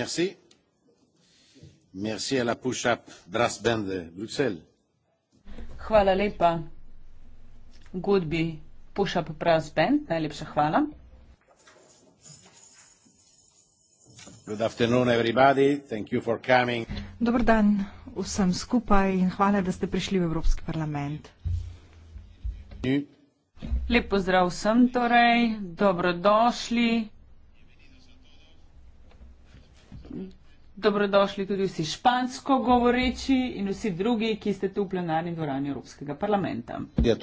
Merci. Merci à la push-up brass band de Bruxelles. Hvala lepa godbi Push-up Brass Band. Najlepša hvala. Good afternoon everybody. Thank you for coming. Dobar dan vsem skupaj in hvala, da ste prišli v Evropski parlament. Lep pozdrav vsem torej. Dobrodošli. dobrodošli tudi vsi špansko govoreči in vsi drugi, ki ste tu v plenarni dvorani Evropskega parlamenta. Ja,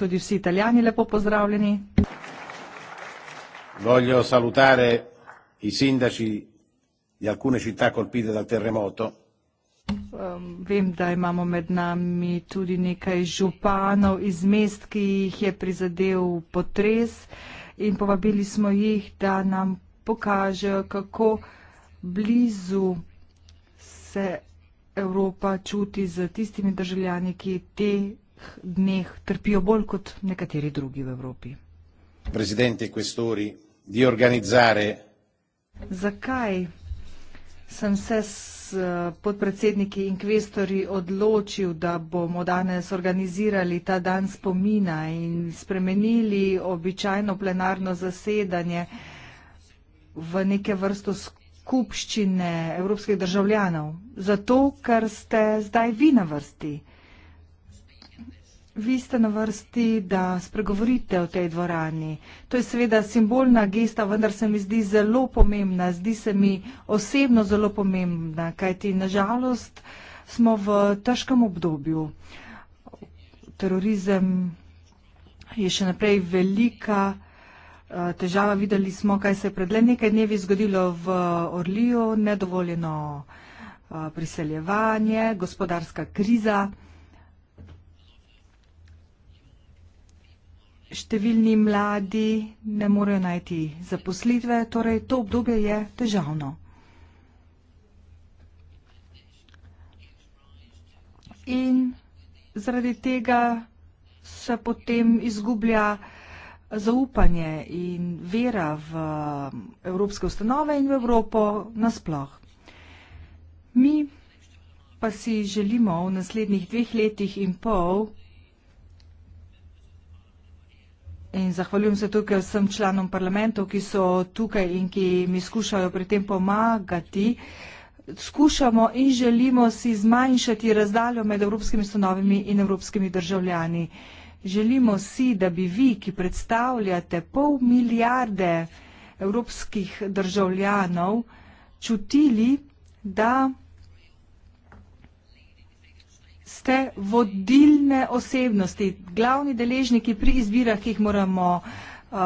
tudi vsi italijani lepo pozdravljeni. Voglio salutare i sindaci di alcune città colpite dal terremoto. Um, vem, da imamo med nami tudi nekaj županov iz mest, ki jih je prizadel potres in povabili smo jih, da nam pokažejo, kako blizu se Evropa čuti z tistimi državljani, ki teh dneh trpijo bolj kot nekateri drugi v Evropi. Prezidente Questori, di organizzare. Zakaj sem se s eh, podpredsedniki in kvestori odločil, da bomo danes organizirali ta dan spomina in spremenili običajno plenarno zasedanje? v neke vrsto skupščine evropskih državljanov, zato ker ste zdaj vi na vrsti. Vi ste na vrsti, da spregovorite o tej dvorani. To je seveda simbolna gesta, vendar se mi zdi zelo pomembna, zdi se mi osebno zelo pomembna, kajti nažalost smo v težkem obdobju. Terorizem je še naprej velika težava. Videli smo, kaj se je pred le nekaj dnevi zgodilo v Orliju, nedovoljeno priseljevanje, gospodarska kriza. Številni mladi ne morejo najti zaposlitve, torej to obdobje je težavno. In zaradi tega se potem izgublja uh, zaupanje in vera v evropske ustanove in v Evropo nasploh. Mi pa si želimo v naslednjih dveh letih in pol In zahvaljujem se tukaj vsem članom parlamentov, ki so tukaj in ki mi skušajo pri tem pomagati. Skušamo in želimo si zmanjšati razdaljo med evropskimi ustanovami in evropskimi državljani. Uh, Želimo si, da bi vi, ki predstavljate pol milijarde evropskih državljanov, čutili, da ste vodilne osebnosti, glavni deležniki pri izbirah, ki jih moramo uh,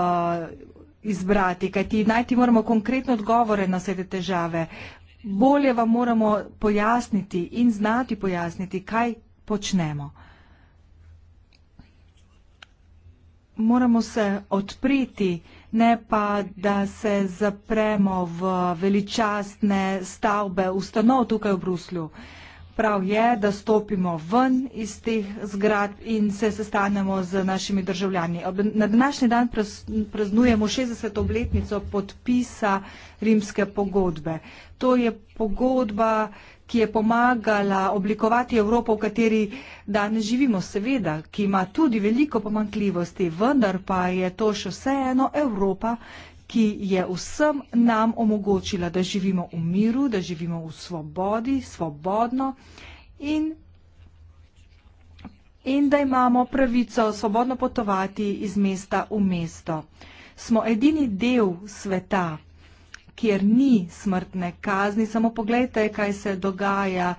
izbrati, kajti najti moramo konkretne odgovore na vse te težave. Bolje vam moramo pojasniti in znati pojasniti, kaj počnemo. moramo se odpreti, ne pa, da se zapremo v veličastne stavbe ustanov tukaj v Bruslju. Prav je, da stopimo ven iz teh zgradb in se sestanemo z našimi državljani. Na današnji dan praznujemo 60. obletnico podpisa rimske pogodbe. To je pogodba, ki ki je pomagala oblikovati Evropo, v kateri danes živimo, seveda, ki ima tudi veliko pomankljivosti, vendar pa je to še vseeno Evropa, ki je vsem nam omogočila, da živimo v miru, da živimo v svobodi, svobodno in, in da imamo pravico svobodno potovati iz mesta v mesto. Smo edini del sveta, kjer ni smrtne kazni. Samo pogledajte, kaj se dogaja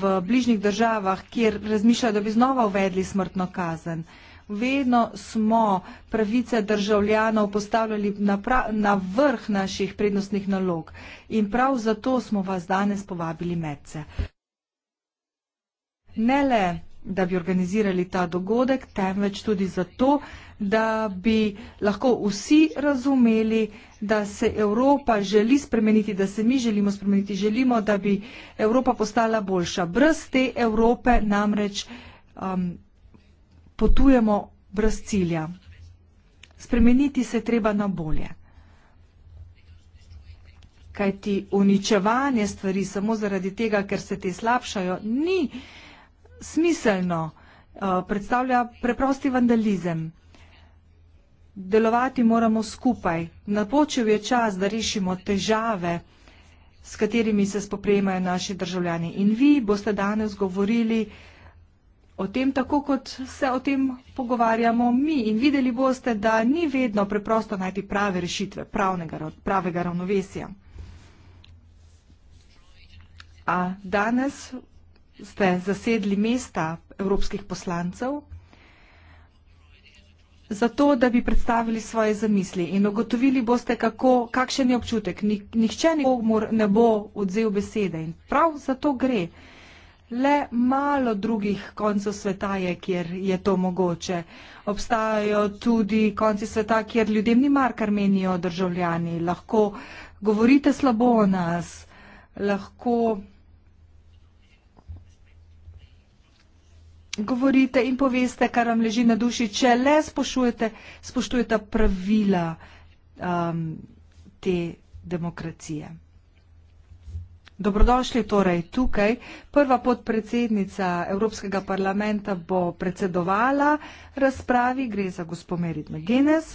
v bližnjih državah, kjer razmišljajo, da bi znova uvedli smrtno kazen. Vedno smo pravice državljanov postavljali na, prav, na vrh naših prednostnih nalog in prav zato smo vas danes povabili medce. Ne le da bi organizirali ta dogodek, temveč tudi zato, da bi lahko vsi razumeli, da se Evropa želi spremeniti, da se mi želimo spremeniti, želimo, da bi Evropa postala boljša. Brez te Evrope namreč um, potujemo brez cilja. Spremeniti se treba na bolje. Kajti uničevanje stvari samo zaradi tega, ker se te slabšajo, ni smiselno, eh, predstavlja preprosti vandalizem. Delovati moramo skupaj. Napočil je čas, da rešimo težave, s katerimi se spoprejemajo naši državljani. In vi boste danes govorili o tem, tako kot se o tem pogovarjamo mi. In videli boste, da ni vedno preprosto najti prave rešitve, pravnega, pravega ravnovesja. A danes ste zasedli mesta evropskih poslancev, zato, da bi predstavili svoje zamisli in ugotovili boste, kako, kakšen je občutek. Nihče ni mor, ne bo odzel besede in prav za to gre. Le malo drugih koncev sveta je, kjer je to mogoče. Obstajajo tudi konci sveta, kjer ljudem ni mar, kar menijo državljani. Lahko govorite slabo o nas, lahko govorite in poveste, kar vam leži na duši, če le spoštujete pravila um, te demokracije. Dobrodošli torej tukaj. Prva podpredsednica Evropskega parlamenta bo predsedovala razpravi, gre za gospo Merit McGuinness.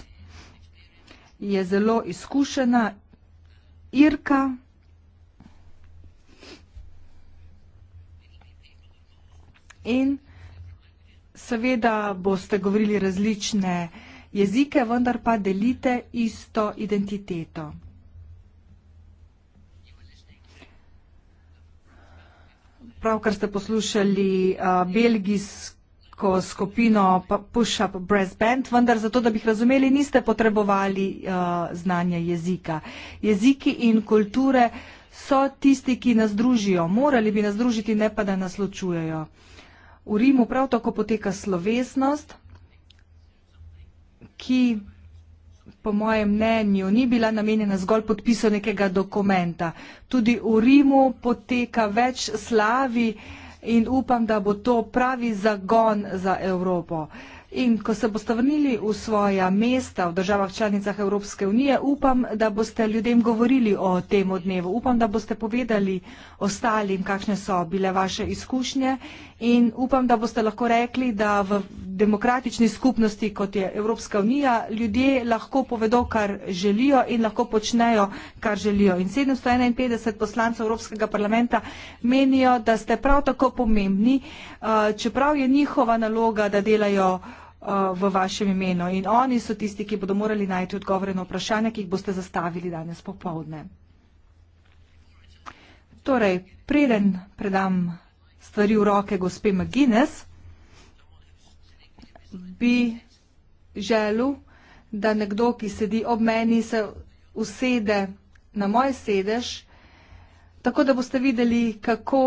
Je zelo izkušena Irka. In Seveda boste govorili različne jezike, vendar pa delite isto identiteto. Pravkar ste poslušali uh, belgijsko skupino Push-up Brass Band, vendar zato, da bi jih razumeli, niste potrebovali uh, znanja jezika. Jeziki in kulture so tisti, ki nas družijo. Morali bi nas družiti, ne pa da nas ločujejo. V Rimu prav tako poteka slovesnost, ki po mojem mnenju ni bila namenjena zgolj podpisu nekega dokumenta. Tudi v Rimu poteka več slavi in upam, da bo to pravi zagon za Evropo. In ko se boste vrnili v svoja mesta v državah članicah Evropske unije, upam, da boste ljudem govorili o tem dnevu. Upam, da boste povedali ostalim, kakšne so bile vaše izkušnje In upam, da boste lahko rekli, da v demokratični skupnosti, kot je Evropska unija, ljudje lahko povedo, kar želijo in lahko počnejo, kar želijo. In 751 poslancev Evropskega parlamenta menijo, da ste prav tako pomembni, eh, čeprav je njihova naloga, da delajo eh, v vašem imenu. In oni so tisti, ki bodo morali najti odgovore na vprašanja, ki jih boste zastavili danes popovdne. Torej, preden predam stvari v roke gospe McGuinness, bi želel, da nekdo, ki sedi ob meni, se usede na moj sedež, tako da boste videli, kako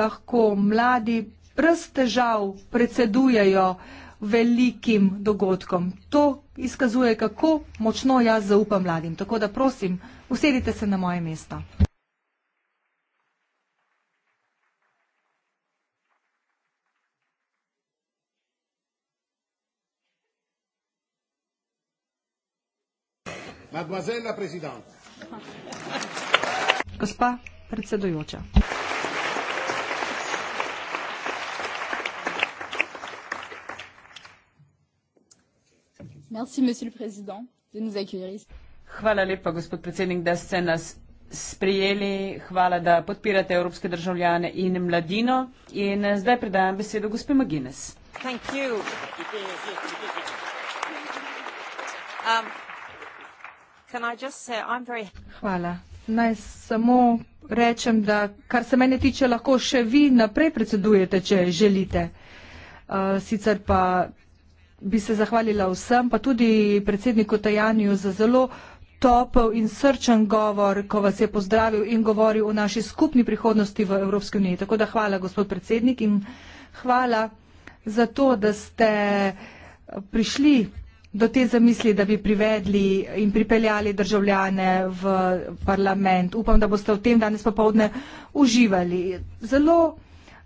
lahko mladi brez težav predsedujejo velikim dogodkom. To izkazuje, kako močno jaz zaupam mladim. Tako da prosim, usedite se na moje mesto. Mademoiselle Presidente. Gospa predsedujoča. Merci, de nous hvala lepa, gospod predsednik, da ste nas sprijeli. Hvala, da podpirate evropske državljane in mladino. In eh, zdaj predajam besedo gospe Magines. Thank you. Um, Hvala. Naj samo rečem, da kar se mene tiče, lahko še vi naprej predsedujete, če želite. Uh, sicer pa bi se zahvalila vsem, pa tudi predsedniku Tajaniju za zelo topel in srčen govor, ko vas je pozdravil in govoril o naši skupni prihodnosti v Evropski uniji. Tako da hvala, gospod predsednik, in hvala za to, da ste prišli do te zamisli, da bi privedli in pripeljali državljane v parlament. Upam, da boste v tem danes popovdne uživali. Zelo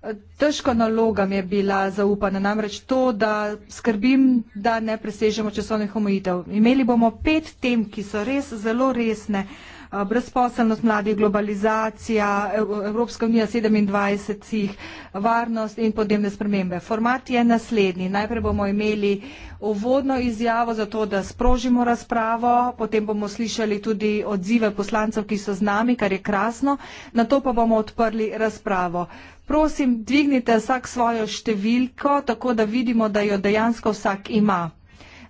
eh, težko nalogam je bila zaupana, namreč to, da skrbim, da ne presežemo časovnih omejitev. Imeli bomo pet tem, ki so res zelo resne. Eh, brezposelnost mladih, globalizacija, Evropska unija 27, varnost in podnebne spremembe. Format je naslednji. Najprej bomo imeli uvodno izjavo za to, da sprožimo razpravo, potem bomo slišali tudi odzive poslancev, ki so z nami, kar je krasno, na to pa bomo odprli razpravo. Prosim, dvignite vsak svojo številko, tako da vidimo, da jo dejansko vsak ima.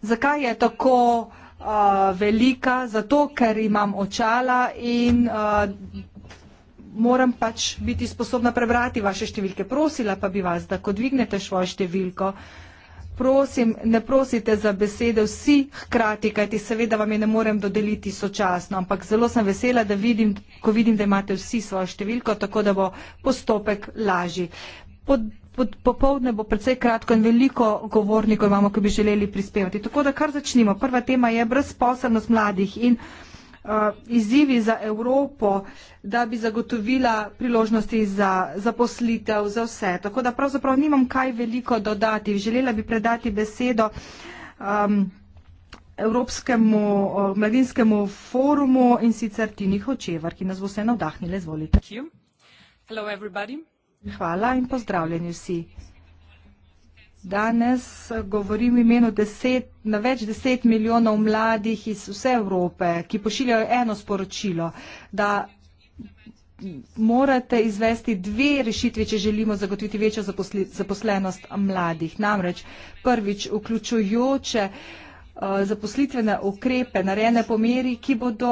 Zakaj je tako? uh, velika, zato ker imam očala in uh, moram pač biti sposobna prebrati vaše številke. Prosila pa bi vas, da ko dvignete svojo številko, prosim, ne prosite za besede vsi hkrati, kajti seveda vam je ne morem dodeliti sočasno, ampak zelo sem vesela, da vidim, ko vidim, da imate vsi svojo številko, tako da bo postopek lažji. Pod popovdne bo predvsej kratko in veliko govornikov imamo, ki bi želeli prispevati. Tako da kar začnimo. Prva tema je brezposobnost mladih in uh, izzivi za Evropo, da bi zagotovila priložnosti za zaposlitev, za vse. Tako da pravzaprav nimam kaj veliko dodati. Želela bi predati besedo. Um, Evropskemu uh, mladinskemu forumu in sicer Tini Hočevar, ki nas bo vse navdahnila. Izvolite. Hello everybody. Hvala in pozdravljeni vsi. Danes eh, govorim v imenu deset, na več deset milijonov mladih iz vse Evrope, ki pošiljajo eno sporočilo, da morate izvesti dve rešitvi, če želimo zagotoviti večjo zaposlenost mladih. Namreč prvič vključujoče. Eh, zaposlitvene ukrepe, narejene po meri, ki bodo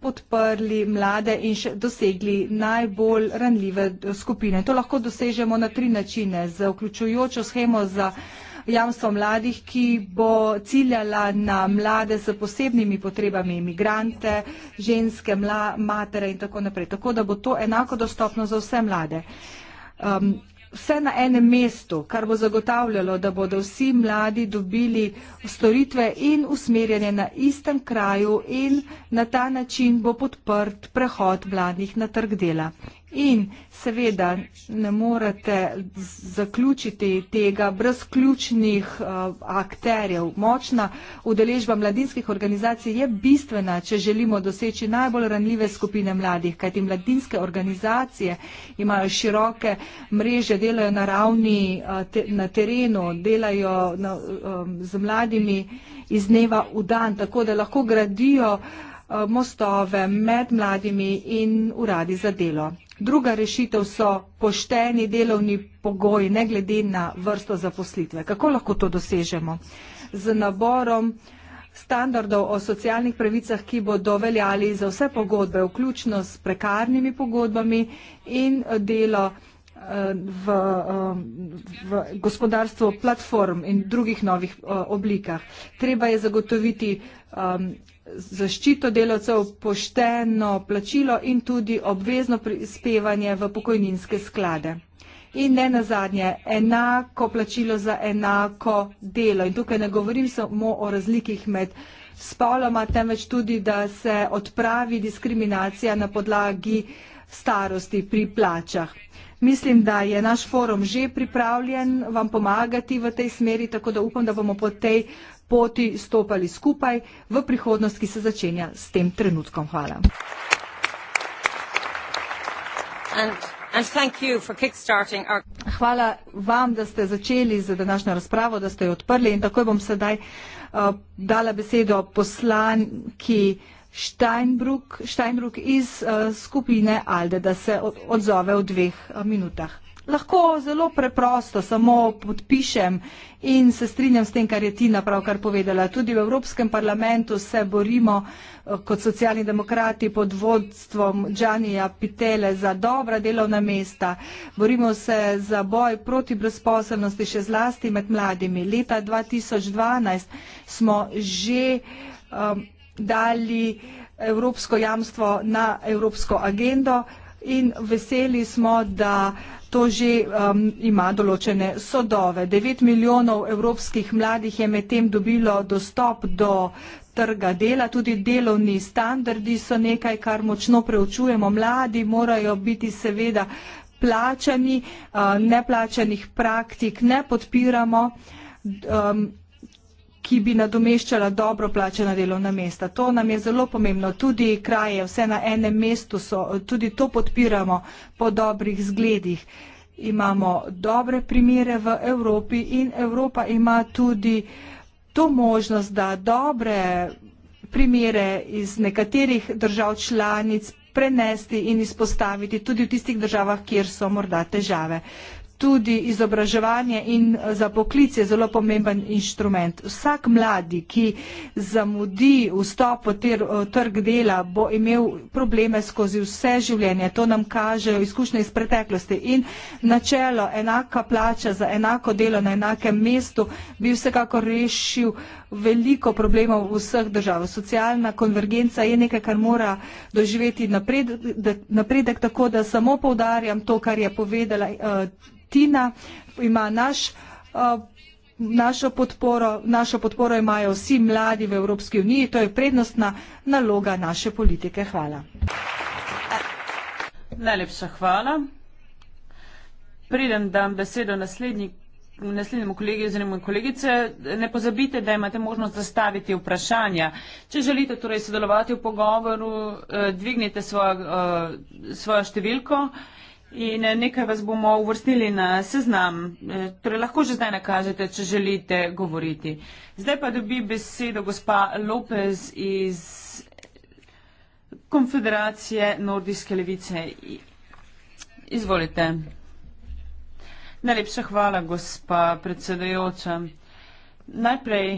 podprli mlade in še dosegli najbolj ranljive skupine. To lahko dosežemo na tri načine. Z vključujočo schemo za jamstvo mladih, ki bo ciljala na mlade s posebnimi potrebami, imigrante, ženske, mla, matere in tako naprej. Tako da bo to enako dostopno za vse mlade. Um, vse na enem mestu, kar bo zagotavljalo, da bodo vsi mladi dobili storitve in usmerjanje na istem kraju in na ta način bo podprt prehod mladih na trg dela. In seveda ne morete zaključiti tega brez ključnih uh, akterjev. Močna udeležba mladinskih organizacij je bistvena, če želimo doseči najbolj ranljive skupine mladih, kajti mladinske organizacije imajo široke mreže, delajo na ravni uh, te, na terenu, delajo na, um, z mladimi iz dneva v dan, tako da lahko gradijo mostove med mladimi in uradi za delo. Druga rešitev so pošteni delovni pogoji, ne glede na vrsto zaposlitve. Kako lahko to dosežemo? Z naborom standardov o socialnih pravicah, ki bodo veljali za vse pogodbe, vključno s prekarnimi pogodbami in delo eh, v, eh, v gospodarstvu platform in drugih novih eh, oblikah. Treba je zagotoviti zaščito delavcev, pošteno plačilo in tudi obvezno prispevanje v pokojninske sklade. In ne nazadnje, enako plačilo za enako delo. In tukaj ne govorim samo o razlikih med spoloma, temveč tudi, da se odpravi diskriminacija na podlagi starosti pri plačah. Mislim, da je naš forum že pripravljen vam pomagati v tej smeri, tako da upam, da bomo po tej poti stopali skupaj v prihodnost, ki se začenja s tem trenutkom. Hvala. And And thank you for kickstarting our... Hvala vam, da ste začeli z današnjo razpravo, da ste jo odprli in takoj bom sedaj uh, dala besedo poslanki Steinbrück, Steinbrück iz uh, skupine Alde, da se odzove v dveh uh, minutah lahko zelo preprosto samo podpišem in se strinjam s tem, kar je Tina pravkar povedala. Tudi v Evropskem parlamentu se borimo eh, kot socialni demokrati pod vodstvom Džanija Pitele za dobra delovna mesta. Borimo se za boj proti brezposobnosti še zlasti med mladimi. Leta 2012 smo že um, dali evropsko jamstvo na evropsko agendo in veseli smo, da to že um, ima določene sodove. 9 milijonov evropskih mladih je medtem dobilo dostop do trga dela, tudi delovni standardi so nekaj, kar močno preučujemo. Mladi morajo biti seveda plačani, uh, neplačanih praktik ne podpiramo. Um, ki bi nadomeščala dobro plačena delovna mesta. To nam je zelo pomembno. Tudi kraje, vse na enem mestu so, tudi to podpiramo po dobrih zgledih. Imamo dobre primere v Evropi in Evropa ima tudi to možnost, da dobre primere iz nekaterih držav članic prenesti in izpostaviti tudi v tistih državah, kjer so morda težave tudi izobraževanje in eh, za poklic je zelo pomemben inštrument. Vsak mladi, ki zamudi vstop v ter, eh, trg dela, bo imel probleme skozi vse življenje. To nam kažejo izkušnje iz preteklosti. In načelo enaka plača za enako delo na enakem mestu bi vsekako rešil veliko problemov v vseh državah. Socialna konvergenca je nekaj, kar mora doživeti napredek, napredek tako da samo poudarjam to, kar je povedala eh, tretjina ima naš, našo podporo, našo podporo imajo vsi mladi v Evropski uniji, to je prednostna naloga naše politike. Hvala. Najlepša hvala. Preden dam besedo naslednji, naslednjemu kolegi oziroma kolegice, ne pozabite, da imate možnost zastaviti vprašanja. Če želite torej sodelovati v pogovoru, eh, dvignite svojo, eh, svojo številko In eh, nekaj vas bomo uvrstili na seznam, eh, torej lahko že zdaj nakažete, če želite govoriti. Zdaj pa dobi besedo gospa Lopez iz Konfederacije Nordijske levice. Izvolite. Najlepša hvala, gospa predsedajoča. Najprej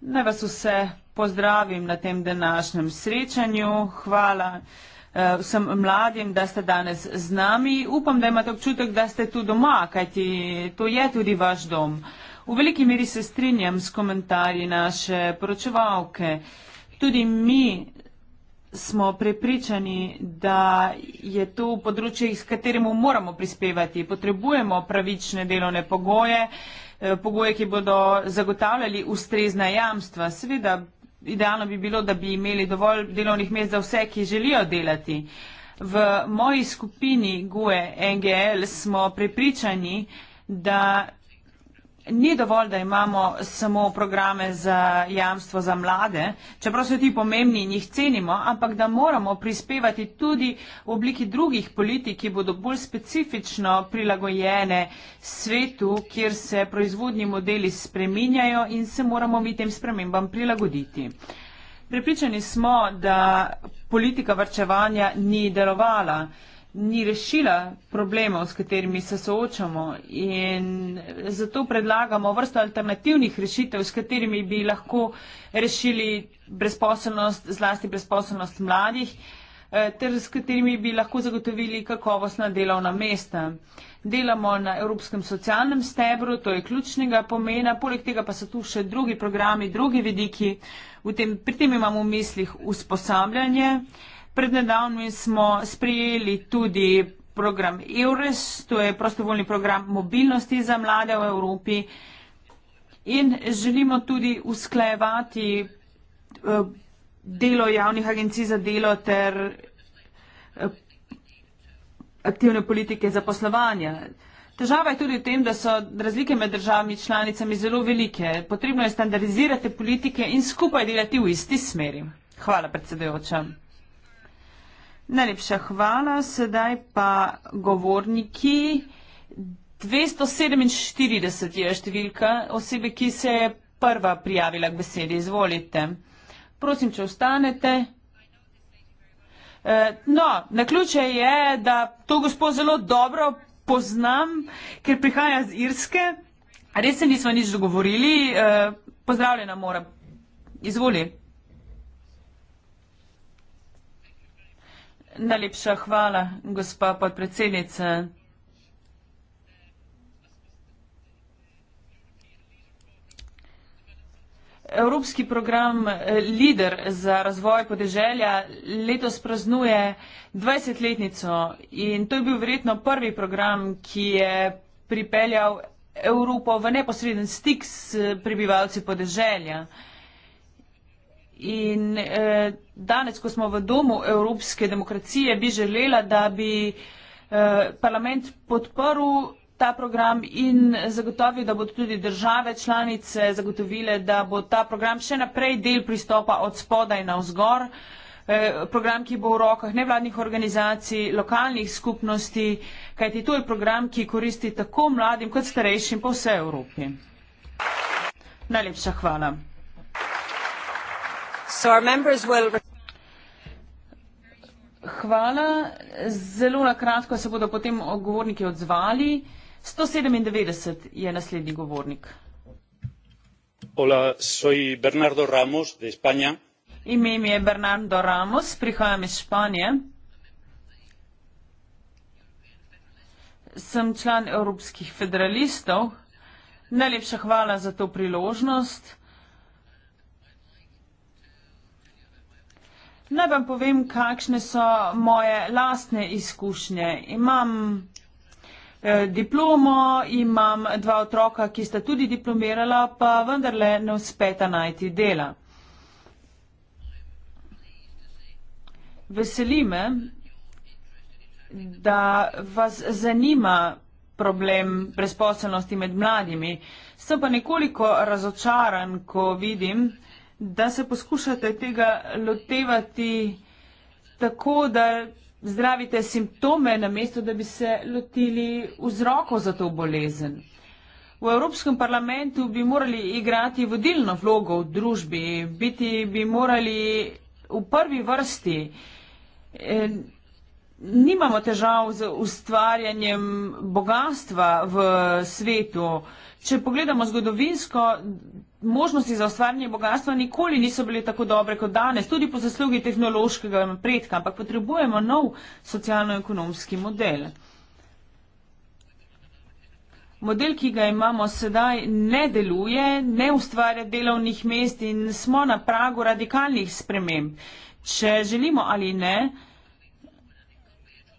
naj vas vse pozdravim na tem današnjem srečanju. Hvala. Eh, vsem mladim, da ste danes z nami. Upam, da imate občutek, da ste tu doma, kajti to je tudi vaš dom. V veliki meri se strinjam s komentarji naše poročevalke. Tudi mi smo prepričani, da je to področje, s katerim moramo prispevati. Potrebujemo pravične delovne pogoje, eh, pogoje, ki bodo zagotavljali ustrezna jamstva. Seveda idealno bi bilo, da bi imeli dovolj delovnih mest za vse, ki želijo delati. V moji skupini GUE NGL smo prepričani, da Ni dovolj, da imamo samo programe za jamstvo za mlade, čeprav so ti pomembni in jih cenimo, ampak da moramo prispevati tudi v obliki drugih politik, ki bodo bolj specifično prilagojene svetu, kjer se proizvodni modeli spreminjajo in se moramo mi tem spremembam prilagoditi. Pripričani smo, da politika vrčevanja ni delovala ni rešila problemov, s katerimi se soočamo in zato predlagamo vrsto alternativnih rešitev, s katerimi bi lahko rešili brezposobnost, zlasti brezposobnost mladih, eh, ter s katerimi bi lahko zagotovili kakovostna delovna mesta. Delamo na Evropskem socialnem stebru, to je ključnega pomena, poleg tega pa so tu še drugi programi, drugi vidiki, tem, pri tem imamo v mislih usposabljanje, Prednedavnim smo sprijeli tudi program EURES, to je prostovoljni program mobilnosti za mlade v Evropi in želimo tudi usklajevati eh, delo javnih agencij za delo ter eh, aktivne politike za poslovanje. Težava je tudi v tem, da so razlike med državami članicami zelo velike. Potrebno je standardizirati politike in skupaj delati v isti smeri. Hvala predsedujočem. Najlepša hvala. Sedaj pa govorniki. 247 je številka osebe, ki se je prva prijavila k besedi. Izvolite. Prosim, če ostanete. Eh, no, na ključe je, da to gospod zelo dobro poznam, ker prihaja z Irske. Res se nismo nič dogovorili. Eh, pozdravljena mora. Izvolite. Najlepša hvala, gospa podpredsednica. Evropski program eh, Lider za razvoj podeželja letos praznuje 20-letnico in to je bil verjetno prvi program, ki je pripeljal Evropo v neposreden stik s prebivalci podeželja. In eh, danes, ko smo v domu evropske demokracije, bi želela, da bi eh, parlament podprl ta program in zagotovil, da bodo tudi države članice zagotovile, da bo ta program še naprej del pristopa od spodaj na vzgor. Eh, program, ki bo v rokah nevladnih organizacij, lokalnih skupnosti, kajti to je program, ki koristi tako mladim kot starejšim po vsej Evropi. Najlepša hvala. Hvala. Zelo na kratko se bodo potem govorniki odzvali. 197 je naslednji govornik. Hola, soy Bernardo Ramos de España. Ime mi je Bernardo Ramos, prihajam iz Španije. Sem član evropskih federalistov. Najlepša hvala za to priložnost. Naj vam povem, kakšne so moje lastne izkušnje. Imam eh, diplomo, imam dva otroka, ki sta tudi diplomirala, pa vendarle ne uspeta najti dela. Veseli me, da vas zanima problem brezposelnosti med mladimi. Sem pa nekoliko razočaran, ko vidim, da da se poskušate tega lotevati tako, da zdravite simptome, namesto da bi se lotili vzrokov za to bolezen. V Evropskem parlamentu bi morali igrati vodilno vlogo v družbi, biti bi morali v prvi vrsti. In, eh, nimamo težav z ustvarjanjem bogatstva v svetu. Če pogledamo zgodovinsko, možnosti za ustvarjanje bogatstva nikoli niso bile tako dobre kot danes, tudi po zaslugi tehnološkega napredka, ampak potrebujemo nov socialno-ekonomski model. Model, ki ga imamo sedaj, ne deluje, ne ustvarja delovnih mest in smo na pragu radikalnih sprememb. Če želimo ali ne,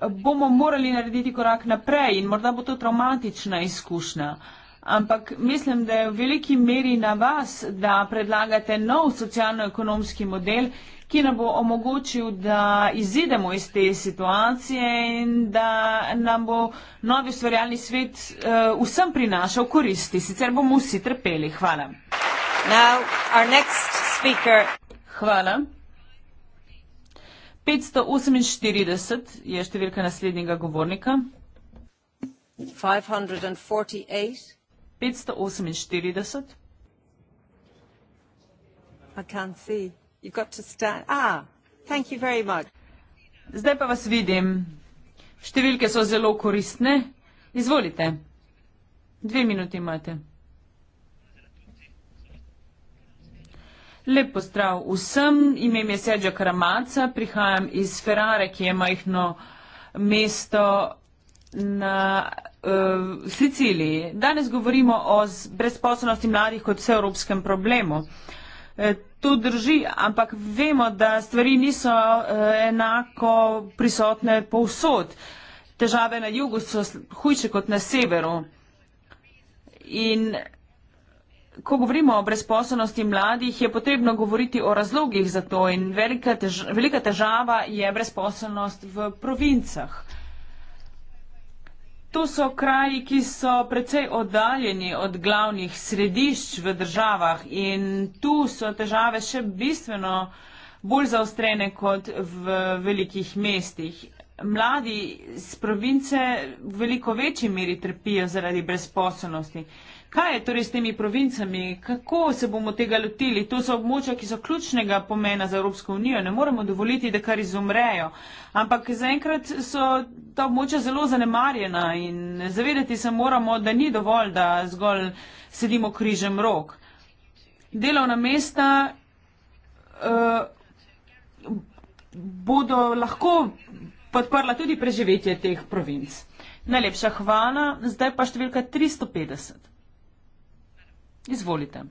bomo morali narediti korak naprej in morda bo to traumatična izkušnja. Ampak mislim, da je v veliki meri na vas, da predlagate nov socialno-ekonomski model, ki nam bo omogočil, da izidemo iz te situacije in da nam bo novi ustvarjalni svet uh, vsem prinašal koristi. Sicer bomo vsi trpeli. Hvala. Now, our next speaker. Hvala. 548 je številka naslednjega govornika. 548. I can't see. You've got to stand. Ah, thank you very much. Zdaj pa vas vidim. Številke so zelo koristne. Izvolite. Dve minuti imate. Lep pozdrav vsem, ime mi je Sedža Karamaca, prihajam iz Ferrare, ki je majhno mesto na uh, Siciliji. Danes govorimo o brezposobnosti mladih kot vseevropskem problemu. Eh, to drži, ampak vemo, da stvari niso eh, enako prisotne povsod. Težave na jugu so hujše kot na severu. In Ko govorimo o brezposobnosti mladih, je potrebno govoriti o razlogih za to in velika, tež, velika težava je brezposobnost v provincah. To so kraji, ki so precej oddaljeni od glavnih središč v državah in tu so težave še bistveno bolj zaostrene kot v velikih mestih. Mladi z province v veliko večji meri trpijo zaradi brezposobnosti. Kaj je torej s temi provincami? Kako se bomo tega lotili? To so območja, ki so ključnega pomena za Evropsko unijo. Ne moremo dovoliti, da kar izumrejo. Ampak zaenkrat so ta območja zelo zanemarjena in zavedati se moramo, da ni dovolj, da zgolj sedimo križem rok. Delovna mesta uh, bodo lahko podprla tudi preživetje teh provinc. Najlepša hvala. Zdaj pa številka 350. Izvolite.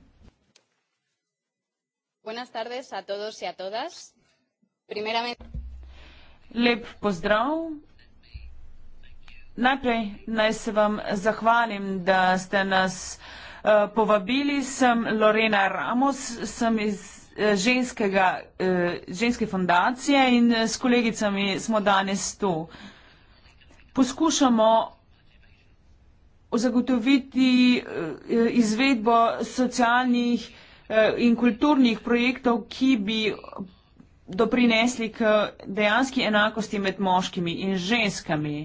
Lep pozdrav. Najprej naj se vam zahvalim, da ste nas eh, povabili. Sem Lorena Ramos, sem iz eh, eh, ženske fondacije in s kolegicami smo danes tu. Poskušamo zagotoviti eh, eh, izvedbo socialnih eh, in kulturnih projektov, ki bi doprinesli k dejanski enakosti med moškimi in ženskami.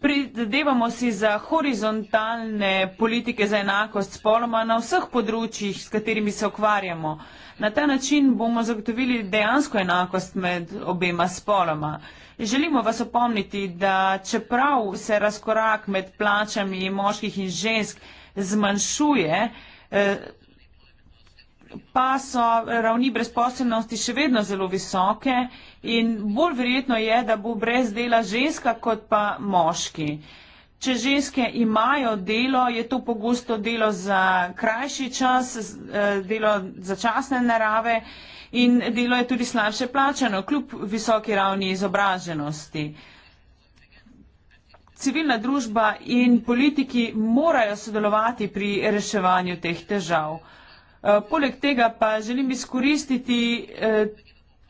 Pridevamo si za horizontalne politike za enakost spoloma na vseh področjih, s katerimi se ukvarjamo. Na ta način bomo zagotovili dejansko enakost med obema spoloma. Želimo vas opomniti, da čeprav se razkorak med plačami moških in žensk zmanjšuje, eh, pa so ravni brezposobnosti še vedno zelo visoke in bolj verjetno je, da bo brez dela ženska kot pa moški. Če ženske imajo delo, je to pogosto delo za krajši čas, eh, delo začasne narave in delo je tudi slabše plačano, kljub visoki ravni izobraženosti. Civilna družba in politiki morajo sodelovati pri reševanju teh težav. Eh, poleg tega pa želim izkoristiti eh,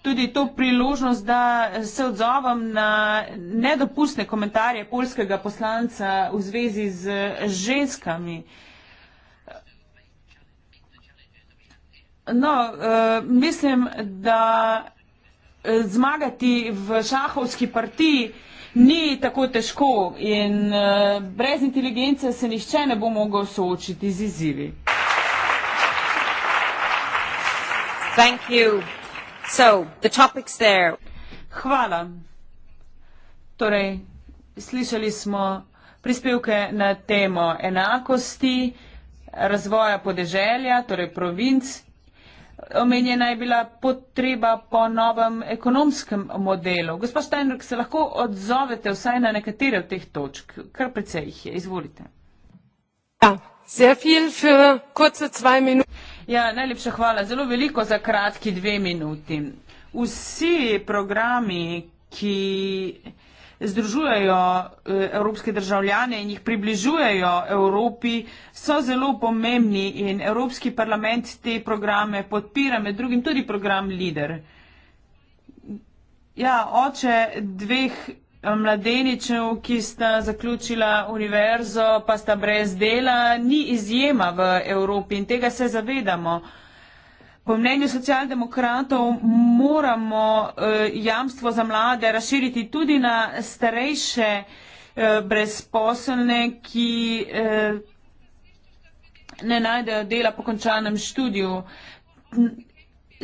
tudi to priložnost, da se odzovam na nedopustne komentarje polskega poslanca v zvezi z ženskami. No, eh, mislim, da zmagati v šahovski partiji ni tako težko in brez inteligence se nišče ne bo mogel soočiti z izzivi. Thank you. So, the topics there. Hvala. Torej, slišali smo prispevke na temo enakosti, razvoja podeželja, torej provinc. Omenjena je bila potreba po novem ekonomskem modelu. Gospod Steinrück, se lahko odzovete vsaj na nekatere od teh točk, kar precej jih je. Izvolite. Ja, zelo veliko za kratke dve minute. Ja, najlepša hvala. Zelo veliko za kratki dve minuti. Vsi programi, ki združujejo e, evropske državljane in jih približujejo Evropi, so zelo pomembni in Evropski parlament te programe podpira, med drugim tudi program LIDER. Ja, oče dveh mladeničev, ki sta zaključila univerzo, pa sta brez dela, ni izjema v Evropi in tega se zavedamo. Po mnenju socialdemokratov moramo eh, jamstvo za mlade razširiti tudi na starejše eh, brezposelne, ki eh, ne najdejo dela po končanem študiju.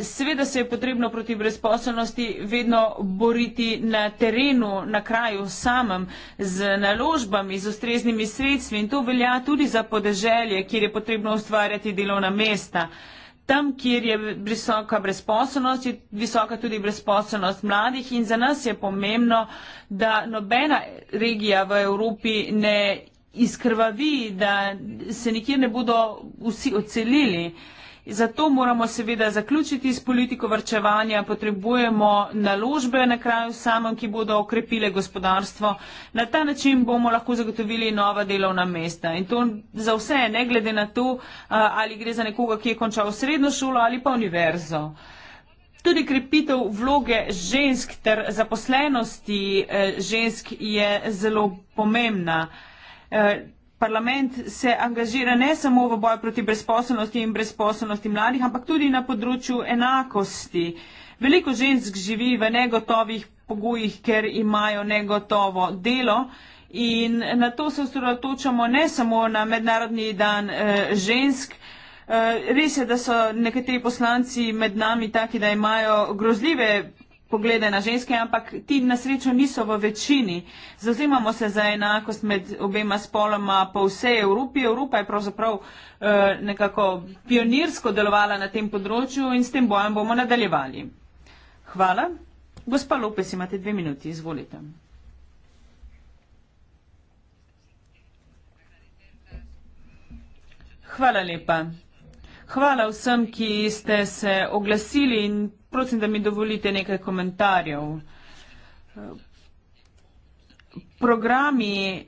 Seveda se je potrebno proti brezposobnosti vedno boriti na terenu, na kraju samem, z naložbami, z ustreznimi sredstvi in to velja tudi za podeželje, kjer je potrebno ustvarjati delovna mesta. Tam, kjer je visoka brezposobnost, je visoka tudi brezposobnost mladih in za nas je pomembno, da nobena regija v Evropi ne izkrvavi, da se nikjer ne bodo vsi ocelili. Zato moramo seveda zaključiti s politiko vrčevanja, potrebujemo naložbe na kraju samem, ki bodo okrepile gospodarstvo. Na ta način bomo lahko zagotovili nova delovna mesta. In to za vse, ne glede na to, ali gre za nekoga, ki je končal srednjo šolo ali pa univerzo. Tudi krepitev vloge žensk ter zaposlenosti eh, žensk je zelo pomembna. Eh, parlament se angažira ne samo v boju proti brezposobnosti in brezposobnosti mladih, ampak tudi na področju enakosti. Veliko žensk živi v negotovih pogojih, ker imajo negotovo delo in na to se osredotočamo ne samo na mednarodni dan e, žensk. E, res je, da so nekateri poslanci med nami taki, da imajo grozljive poglede na ženske, ampak ti na srečo niso v večini. Zauzemamo se za enakost med obema spoloma po vsej Evropi. Evropa je pravzaprav eh, nekako pionirsko delovala na tem področju in s tem bojem bomo nadaljevali. Hvala. Gospa Lopes, imate dve minuti, izvolite. Hvala lepa. Hvala vsem, ki ste se oglasili in prosim, da mi dovolite nekaj komentarjev. Programi,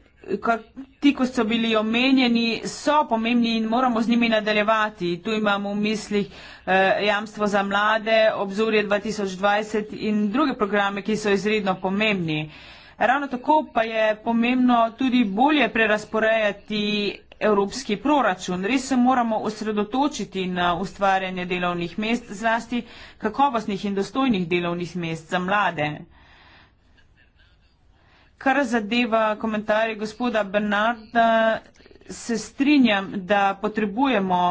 ti, ko so bili omenjeni, so pomembni in moramo z njimi nadaljevati. Tu imamo v mislih eh, jamstvo za mlade, obzorje 2020 in druge programe, ki so izredno pomembni. Ravno tako pa je pomembno tudi bolje prerasporejati evropski proračun. Res se moramo osredotočiti na ustvarjanje delovnih mest, zlasti kakovostnih in dostojnih delovnih mest za mlade. Kar zadeva komentarje gospoda Bernarda, se strinjam, da potrebujemo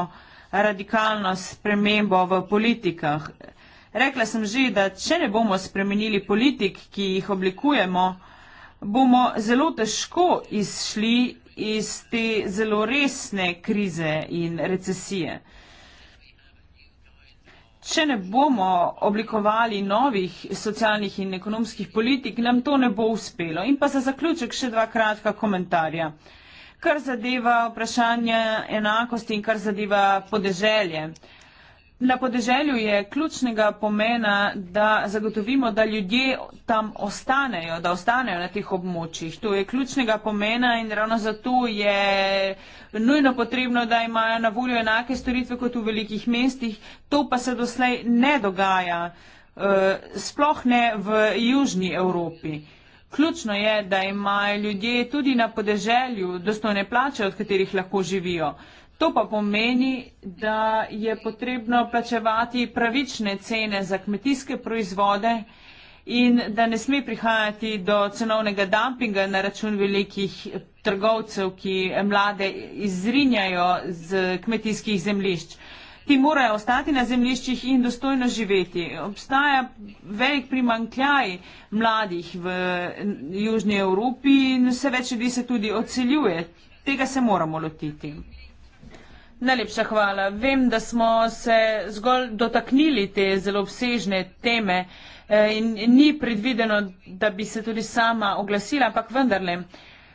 radikalno spremembo v politikah. Rekla sem že, da če ne bomo spremenili politik, ki jih oblikujemo, bomo zelo težko izšli iz te zelo resne krize in recesije. Če ne bomo oblikovali novih socialnih in ekonomskih politik, nam to ne bo uspelo. In pa za zaključek še dva kratka komentarja. Kar zadeva vprašanje enakosti in kar zadeva podeželje. Uh, Na podeželju je ključnega pomena, da zagotovimo, da ljudje tam ostanejo, da ostanejo na teh območjih. To je ključnega pomena in ravno zato je nujno potrebno, da imajo na voljo enake storitve kot v velikih mestih. To pa se doslej ne dogaja, eh, sploh ne v Južni Evropi. Ključno je, da imajo ljudje tudi na podeželju dostojne plače, od katerih lahko živijo. To pa pomeni, da je potrebno plačevati pravične cene za kmetijske proizvode in da ne sme prihajati do cenovnega dumpinga na račun velikih trgovcev, ki mlade izrinjajo z kmetijskih zemlišč. Ti morajo ostati na zemliščih in dostojno živeti. Obstaja velik primankljaj mladih v Južnji Evropi in vse več ljudi se tudi odseljuje. Tega se moramo lotiti. Najlepša hvala. Vem, da smo se zgolj dotaknili te zelo obsežne teme eh, in ni predvideno, da bi se tudi sama oglasila, ampak vendarle.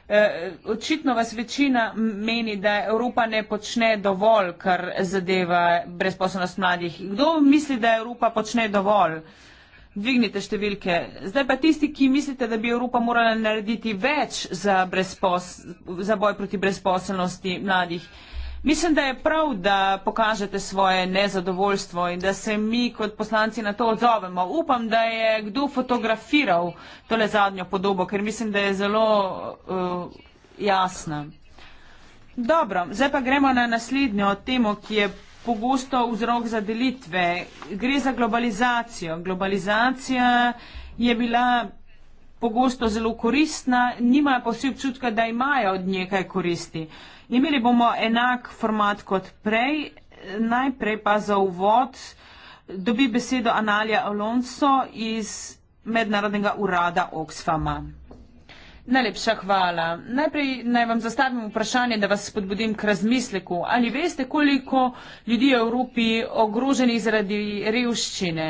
Eh, očitno vas večina meni, da Evropa ne počne dovolj, kar zadeva brezposobnost mladih. Kdo misli, da Evropa počne dovolj? Dvignite številke. Zdaj pa tisti, ki mislite, da bi Evropa morala narediti več za, brezpos, za boj proti brezposobnosti mladih. Mislim, da je prav, da pokažete svoje nezadovoljstvo in da se mi kot poslanci na to odzovemo. Upam, da je kdo fotografiral tole zadnjo podobo, ker mislim, da je zelo uh, jasna. Dobro, zdaj pa gremo na naslednjo temo, ki je pogosto vzrok za delitve. Gre za globalizacijo. Globalizacija je bila pogosto zelo koristna, nimajo pa vsi občutka, da imajo od nje kaj koristi. Uh, Imeli bomo enak format kot prej. Najprej pa za uvod dobi besedo Analija Alonso iz Mednarodnega urada Oxfama. Najlepša hvala. Najprej naj vam zastavim vprašanje, da vas spodbudim k razmisleku. Ali veste, koliko ljudi je v Evropi ogroženih zaradi revščine?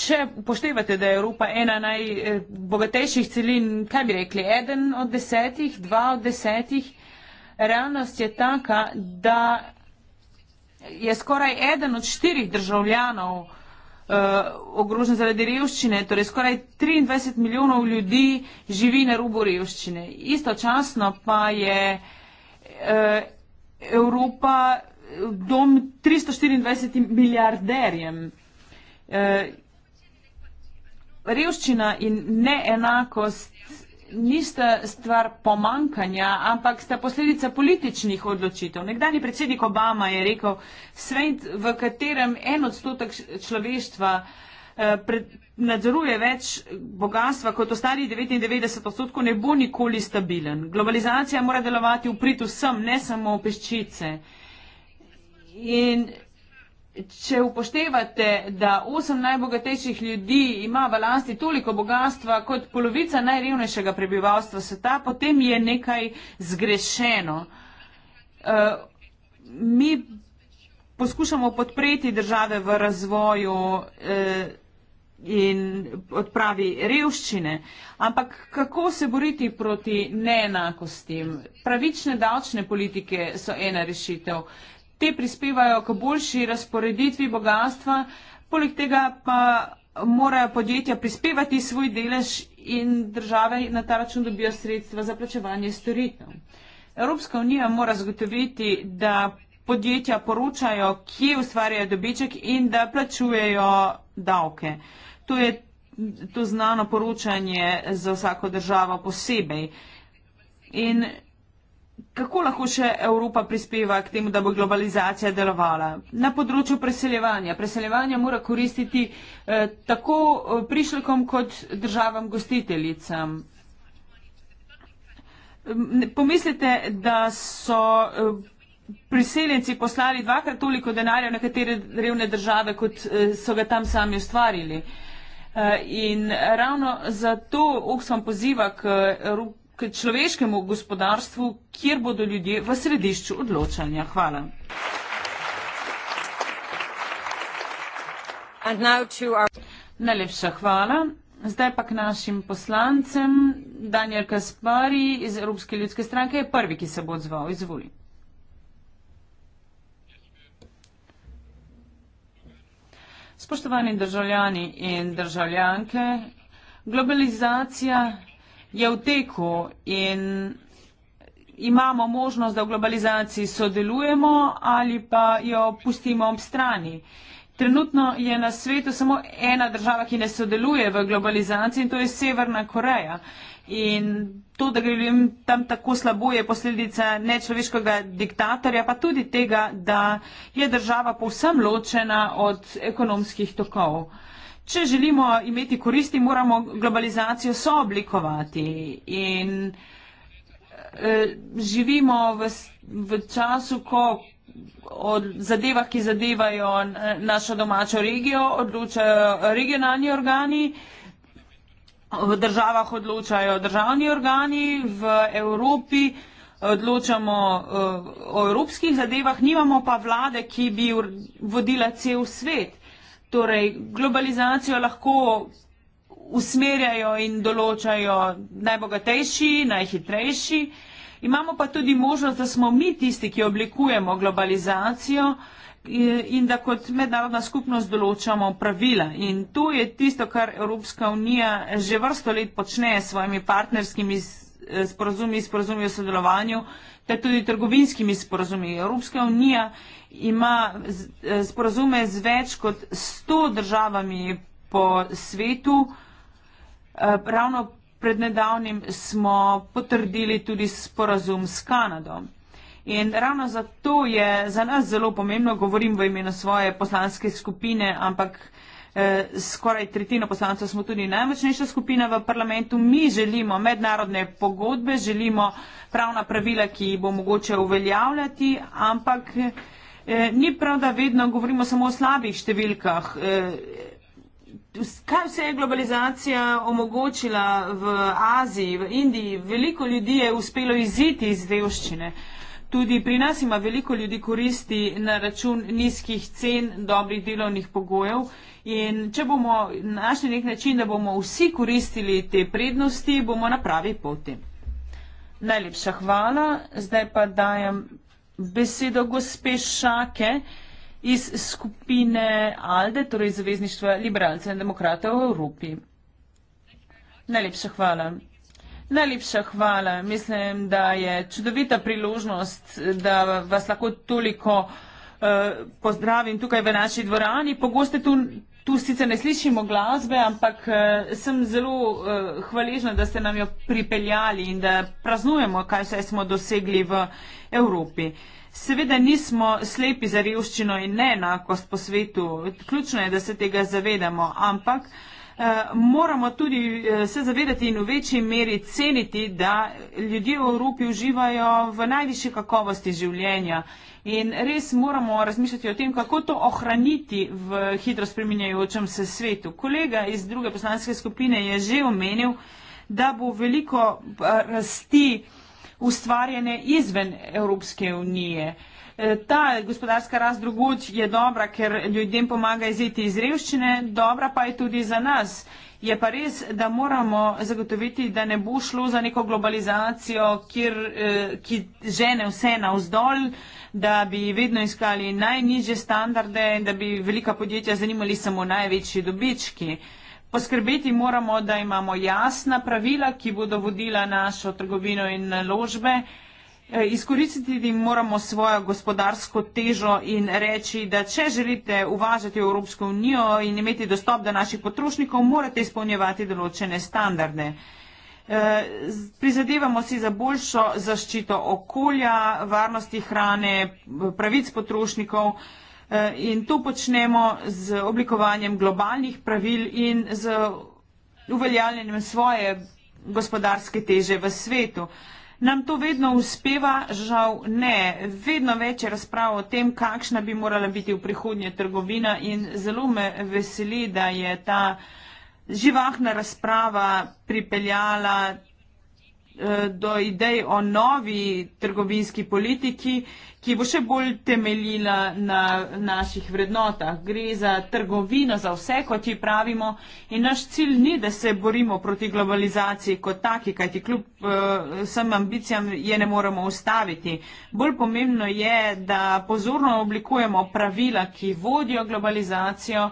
Če upoštevate, da je Evropa ena najbogatejših celin, kaj bi rekli, eden od desetih, dva od desetih, realnost je taka, da je skoraj eden od štirih državljanov uh, ogrožen zaradi revščine, torej skoraj 23 milijonov ljudi živi na rubu revščine. Istočasno pa je uh, Evropa eh, dom 324 milijarderjem. Uh, revščina in neenakost niste stvar pomankanja, ampak sta posledica političnih odločitev. Nekdani predsednik Obama je rekel, svet, v katerem en odstotek človeštva eh, nadzoruje več bogatstva kot ostali 99 odstotkov, ne bo nikoli stabilen. Globalizacija mora delovati v prid vsem, ne samo peščice. In če upoštevate, da osem najbogatejših ljudi ima v lasti toliko bogatstva kot polovica najrevnejšega prebivalstva sveta, potem je nekaj zgrešeno. Eh, mi poskušamo podpreti države v razvoju eh, in odpravi revščine. Ampak kako se boriti proti neenakostim? Pravične davčne politike so ena rešitev. Te prispevajo k boljši razporeditvi bogatstva, poleg tega pa morajo podjetja prispevati svoj delež in države na ta račun dobijo sredstva za plačevanje storitev. Evropska unija mora zagotoviti, da podjetja poročajo, kje ustvarjajo dobiček in da plačujejo davke. To je to znano poročanje za vsako državo posebej. In kako lahko še Evropa prispeva k temu, da bo globalizacija delovala? Na področju preseljevanja. Preseljevanje mora koristiti eh, tako eh, prišlekom kot državam gostiteljicam. Pomislite, da so eh, priseljenci poslali dvakrat toliko denarja v nekatere revne države, kot eh, so ga tam sami ustvarili. In ravno zato Oxfam poziva k k človeškemu gospodarstvu, kjer bodo ljudje v središču odločanja. Hvala. Our... Najlepša hvala. Zdaj pa k našim poslancem. Daniel Kaspari iz Evropske ljudske stranke je prvi, ki se bo odzval. Izvoli. Spoštovani državljani in državljanke, globalizacija je v teku in imamo možnost, da v globalizaciji sodelujemo ali pa jo pustimo ob strani. Trenutno je na svetu samo ena država, ki ne sodeluje v globalizaciji in to je Severna Koreja. In to, da gre ljudem tam tako slabo, je posledica nečloveškega diktatorja, pa tudi tega, da je država povsem ločena od ekonomskih tokov če želimo imeti koristi, moramo globalizacijo sooblikovati. In e, živimo v, v času, ko o zadevah, ki zadevajo našo domačo regijo, odločajo regionalni organi, v državah odločajo državni organi, v Evropi odločamo uh, o evropskih zadevah, nimamo pa vlade, ki bi vodila cel svet torej globalizacijo lahko usmerjajo in določajo najbogatejši, najhitrejši. Imamo pa tudi možnost, da smo mi tisti, ki oblikujemo globalizacijo in da kot mednarodna skupnost določamo pravila. In to je tisto, kar Evropska unija že vrsto let počne s svojimi partnerskimi eh, sporozumi, sporozumi o sodelovanju, te tudi trgovinskimi sporozumi. Evropska unija ima e, sporazume z več kot 100 državami po svetu. E, ravno pred nedavnim smo potrdili tudi sporazum s Kanado. In ravno zato je za nas zelo pomembno, govorim v imenu svoje poslanske skupine, ampak e, skoraj tretjino poslancev smo tudi najmočnejša skupina v parlamentu. Mi želimo mednarodne pogodbe, želimo pravna pravila, ki jih bo mogoče uveljavljati, ampak Eh, ni prav, da vedno govorimo samo o slabih številkah. Eh, kaj vse je globalizacija omogočila v Aziji, v Indiji? Veliko ljudi je uspelo iziti iz revščine. Tudi pri nas ima veliko ljudi koristi na račun nizkih cen, dobrih delovnih pogojev. In če bomo našli nek način, da bomo vsi koristili te prednosti, bomo na pravi poti. Najlepša hvala. Zdaj pa dajem besedo gospe Šake iz skupine ALDE, torej Zavezništva liberalcev in demokratov v Evropi. Najlepša hvala. Najlepša hvala. Mislim, da je čudovita priložnost, da vas lahko toliko uh, pozdravim tukaj v naši dvorani. Pogoste tu Tu sicer ne slišimo glasbe, ampak uh, sem zelo uh, hvaležna, da ste nam jo pripeljali in da praznujemo, kaj vse smo dosegli v Evropi. Seveda nismo slepi za revščino in neenakost po svetu. Ključno je, da se tega zavedamo, ampak uh, Eh, moramo tudi eh, se zavedati in v večji meri ceniti, da ljudje v Evropi uživajo v najvišji kakovosti življenja. In res moramo razmišljati o tem, kako to ohraniti v hitro spreminjajočem se svetu. Kolega iz druge poslanske skupine je že omenil, da bo veliko eh, rasti ustvarjene izven Evropske unije. Uh, Ta gospodarska rast drugod je dobra, ker ljudem pomaga iziti iz revščine, dobra pa je tudi za nas. Je pa res, da moramo zagotoviti, da ne bo šlo za neko globalizacijo, kjer, eh, ki žene vse na vzdolj, da bi vedno iskali najnižje standarde in da bi velika podjetja zanimali samo največji dobički. Poskrbeti moramo, da imamo jasna pravila, ki bodo vodila našo trgovino in naložbe. Eh, izkoristiti moramo svojo gospodarsko težo in reči, da če želite uvažati Evropsko unijo in imeti dostop do naših potrošnikov, morate izpolnjevati določene standarde. Eh, prizadevamo si za boljšo zaščito okolja, varnosti hrane, pravic potrošnikov eh, in to počnemo z oblikovanjem globalnih pravil in z uveljavljanjem svoje gospodarske teže v svetu. Nam to vedno uspeva, žal ne. Vedno več je razprav o tem, kakšna bi morala biti v prihodnje trgovina in zelo me veseli, da je ta živahna razprava pripeljala eh, do idej o novi trgovinski politiki, ki bo še bolj temeljila na naših vrednotah. Gre za trgovino za vse, kot ji pravimo, in naš cilj ni, da se borimo proti globalizaciji kot taki, kajti kljub eh, vsem ambicijam je ne moremo ustaviti. Bolj pomembno je, da pozorno oblikujemo pravila, ki vodijo globalizacijo,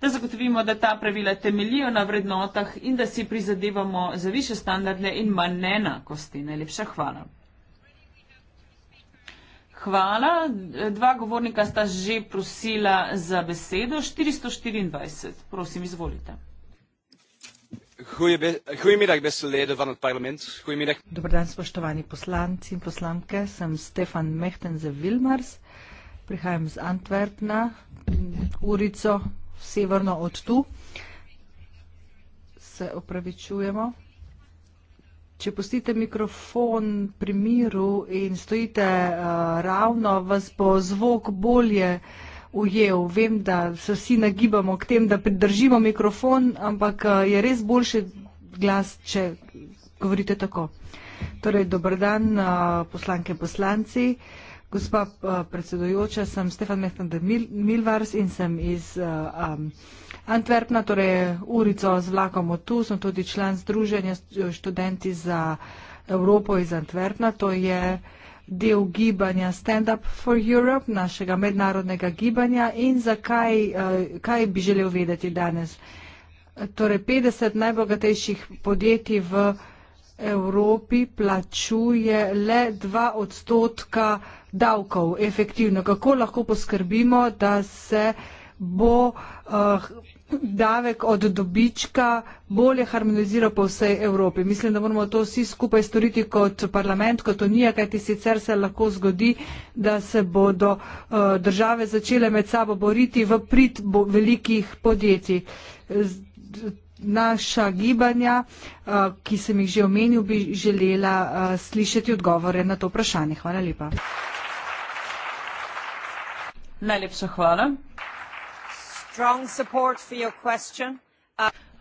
da zagotovimo, da ta pravila temeljijo na vrednotah in da si prizadevamo za više standarde in manj nenakosti. Najlepša hvala hvala. Dva govornika sta že prosila za besedo. 424, prosim, izvolite. Goedemiddag, beste leden van het parlement. Goedemiddag. Dobrodan, spoštovani poslanci in poslanke. Sem Stefan Mehten ze Wilmars. Prihajam iz Antwerpna, urico severno od tu. Se opravičujemo. Če pustite mikrofon pri miru in stojite uh, ravno, vas bo zvok bolje ujel. Vem, da se vsi nagibamo k tem, da pridržimo mikrofon, ampak uh, je res boljši glas, če govorite tako. Torej, dobrodan, uh, eh, poslanke poslanci. Uh, Gospa eh, predsedujoča, sem Stefan Mehtan de Milvars in sem iz eh, um, Antwerpna, torej urico z vlakom od tu, sem tudi član Združenja eh, študenti za Evropo iz Antwerpna. To je del gibanja Stand Up for Europe, našega mednarodnega gibanja in zakaj, kaj bi želel vedeti danes. Torej 50 najbogatejših podjetij v Evropi. Evropi plačuje le 2 odstotka davkov efektivno. Kako lahko poskrbimo, da se bo uh, davek od dobička bolje harmoniziral po vsej Evropi. Mislim, da moramo to vsi skupaj storiti kot parlament, kot unija, kajti sicer se lahko zgodi, da se bodo uh, države začele med sabo boriti v prid bo velikih podjetij. Z naša gibanja, eh, ki sem jih že omenil, bi želela eh, slišati odgovore na to vprašanje. Hvala lepa. Najlepša hvala.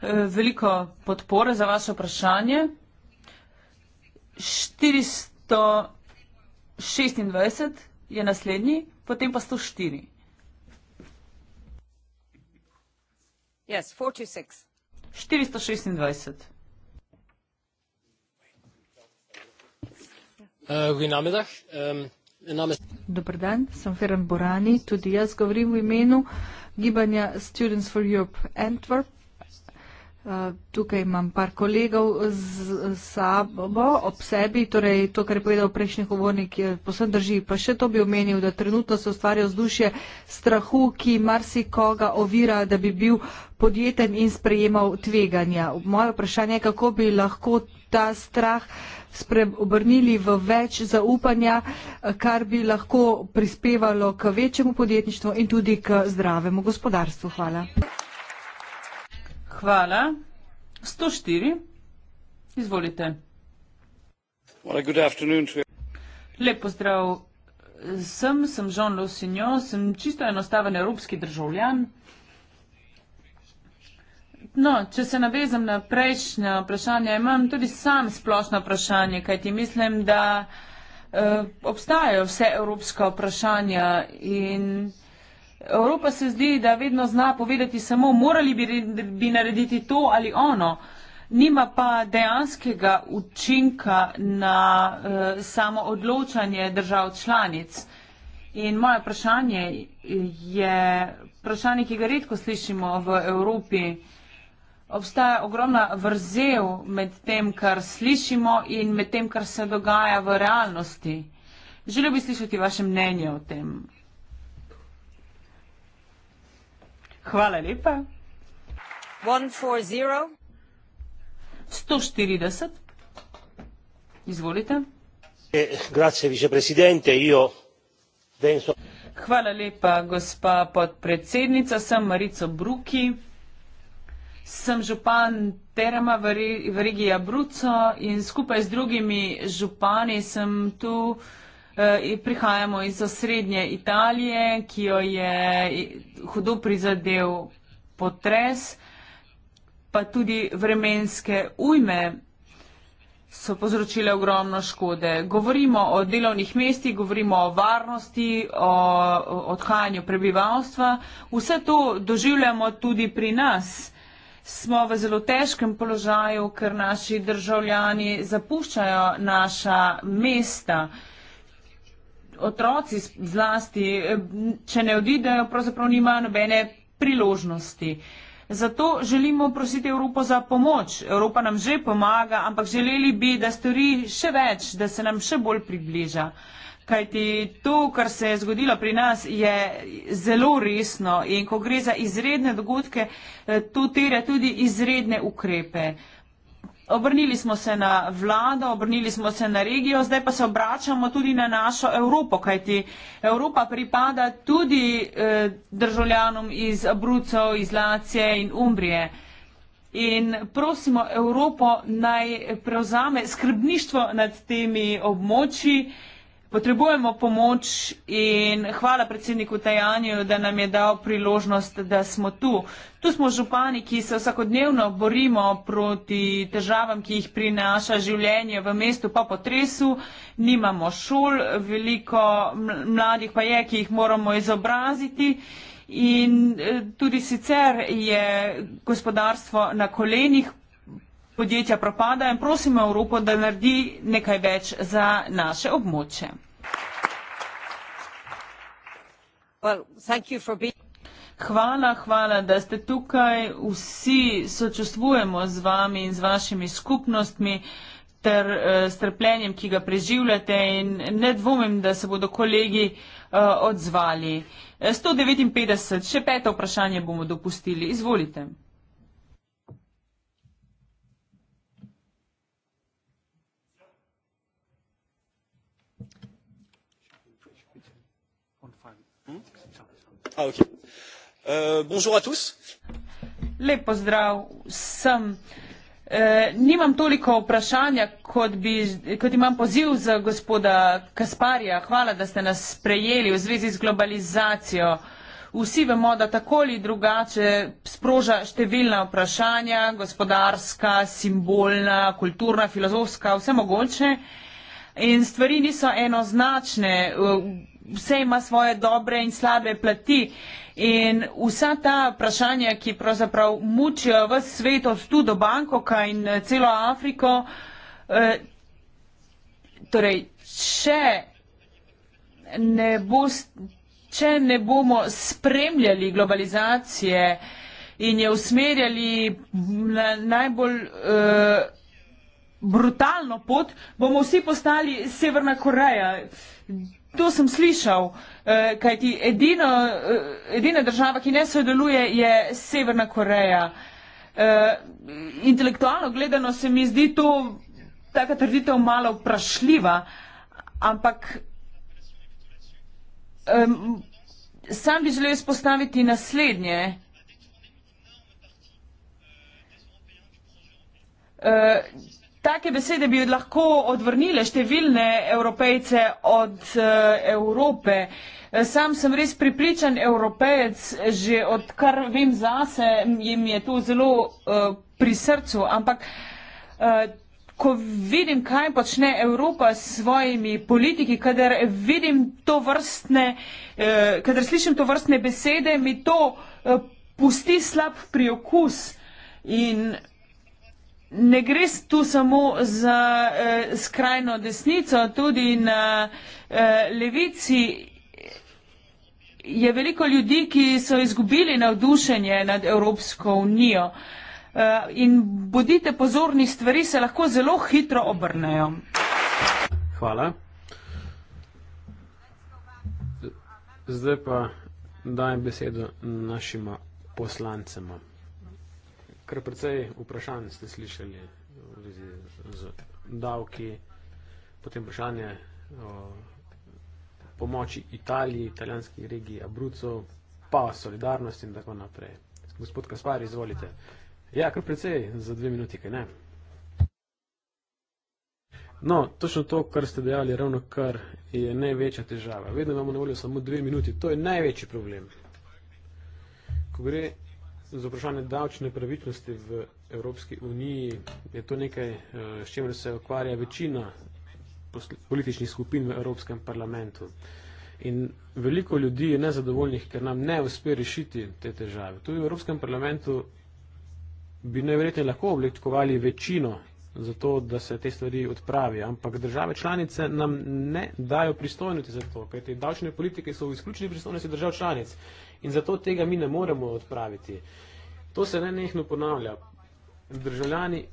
Eh, veliko podpore za vaše vprašanje. 426 je naslednji, potem pa 104. Yes, 46. 426. Eh, ehm, Dobro dan, sem Ferran Borani, tudi jaz govorim v imenu gibanja Students for Europe Antwerp. Eh, tukaj imam par kolegov z sabo, ob sebi, torej to, kar je povedal prejšnji govornik, posem drži. Pa še to bi omenil, da trenutno se ustvarja vzdušje strahu, ki marsikoga ovira, da bi bil podjeten in sprejemal tveganja. Moje vprašanje je, kako bi lahko ta strah obrnili v več zaupanja, kar bi lahko prispevalo k večjemu podjetništvu in tudi k zdravemu gospodarstvu. Hvala hvala. 104. Izvolite. Lep pozdrav. Sem, sem Jean Lausignon, sem čisto enostaven evropski državljan. No, če se navezam na prejšnje vprašanje, imam tudi sam splošno vprašanje, kajti mislim, da eh, obstajajo vse evropska vprašanja in Evropa se zdi, da vedno zna povedati samo, morali bi, bi narediti to ali ono, nima pa dejanskega učinka na uh, samo odločanje držav članic. In moje vprašanje je vprašanje, ki ga redko slišimo v Evropi. Obstaja ogromna vrzel med tem, kar slišimo in med tem, kar se dogaja v realnosti. Želel bi slišati vaše mnenje o tem. Hvala lepa. 140. Izvolite. Eh, grazie, vicepresidente. Io penso. Hvala lepa, gospa podpredsednica. Sem Marico Bruki. Sem župan Terama v regiji Abruco in skupaj z drugimi župani sem tu. Eh, prihajamo iz osrednje Italije, ki jo je hudo prizadel potres, pa tudi vremenske ujme so povzročile ogromno škode. Govorimo o delovnih mestih, govorimo o varnosti, o odhajanju prebivalstva. Vse to doživljamo tudi pri nas. Smo v zelo težkem položaju, ker naši državljani zapuščajo naša mesta otroci zlasti, če ne odidejo, pravzaprav nimajo nobene priložnosti. Zato želimo prositi Evropo za pomoč. Evropa nam že pomaga, ampak želeli bi, da stori še več, da se nam še bolj približa. Kajti to, kar se je zgodilo pri nas, je zelo resno in ko gre za izredne dogodke, eh, to terja tudi izredne ukrepe. Obrnili smo se na vlado, obrnili smo se na regijo, zdaj pa se obračamo tudi na našo Evropo, kajti Evropa pripada tudi eh, državljanom iz Abrucov, iz Lacije in Umbrije. In prosimo Evropo naj prevzame skrbništvo nad temi območji. Eh, Potrebujemo pomoč in hvala predsedniku Tajanju, da nam je dal priložnost, da smo tu. Tu smo župani, ki se vsakodnevno borimo proti težavam, ki jih prinaša življenje v mestu po potresu. Nimamo šol, veliko mladih pa je, ki jih moramo izobraziti. In eh, tudi sicer je gospodarstvo na kolenih, podjetja propadajo in prosimo Evropo, da naredi nekaj več za naše območje. Well, Hvala, hvala, da ste tukaj. Vsi sočustvujemo z vami in z vašimi skupnostmi ter uh, eh, strpljenjem, ki ga preživljate in ne dvomim, da se bodo kolegi uh, odzvali. 159, eh, še peto vprašanje bomo dopustili. Izvolite. Ah, euh, bonjour à tous. Lep pozdrav vsem. Eh, nimam toliko vprašanja, kot, bi, kot imam poziv za gospoda Kasparja. Hvala, da ste nas sprejeli v zvezi z globalizacijo. Vsi vemo, da tako ali drugače sproža številna vprašanja, gospodarska, simbolna, kulturna, filozofska, vse mogoče. In stvari niso enoznačne. Eh, vse ima svoje dobre in slabe plati. In vsa ta vprašanja, ki pravzaprav mučijo v svetu, tudi do Bankoka in eh, celo Afriko, eh, torej, če ne, bo, če ne bomo spremljali globalizacije in je usmerjali na najbolj eh, brutalno pot, bomo vsi postali Severna Koreja. To sem slišal, eh, kajti edino, eh, edina država, ki ne sodeluje, je Severna Koreja. Eh, intelektualno gledano se mi zdi to taka trditev malo vprašljiva, ampak sam bi želel izpostaviti naslednje. Uh, Take besede bi lahko odvrnile številne evropejce od eh, Evrope. Eh, sam sem res pripričan evropejec, že odkar vem zase, jim je to zelo eh, pri srcu, ampak ko vidim, kaj počne Evropa s svojimi politiki, kadar vidim to vrstne, kadar slišim to vrstne besede, mi to pusti slab priokus in vrstne ne gre tu samo za eh, skrajno desnico, tudi na eh, levici je veliko ljudi, ki so izgubili navdušenje nad Evropsko unijo. Eh, in bodite pozorni, stvari se lahko zelo hitro obrnejo. Hvala. Zdaj pa dajem besedo našima poslancema kar precej vprašanj ste slišali v zvezi z davki, potem vprašanje o pomoči Italiji, italijanski regiji Abruzzo, pa solidarnost in tako naprej. Gospod Kaspar, izvolite. Ja, kar precej za dve minuti, kaj ne? No, točno to, kar ste dejali, ravno kar je največja težava. Vedno imamo na voljo samo dve minuti. To je največji problem. Ko gre z vprašanje davčne pravičnosti v Evropski uniji. Je to nekaj, eh, s čemer se ukvarja večina političnih skupin v Evropskem parlamentu. In veliko ljudi je nezadovoljnih, ker nam ne uspe rešiti te težave. Tu v Evropskem parlamentu bi najverjetneje lahko oblikovali večino za to, da se te stvari odpravi, ampak države članice nam ne dajo pristojnosti za to, kajte davčne politike so v izključni pristojnosti držav članic In zato tega mi ne moremo odpraviti. To se ne nehno ponavlja. Državljani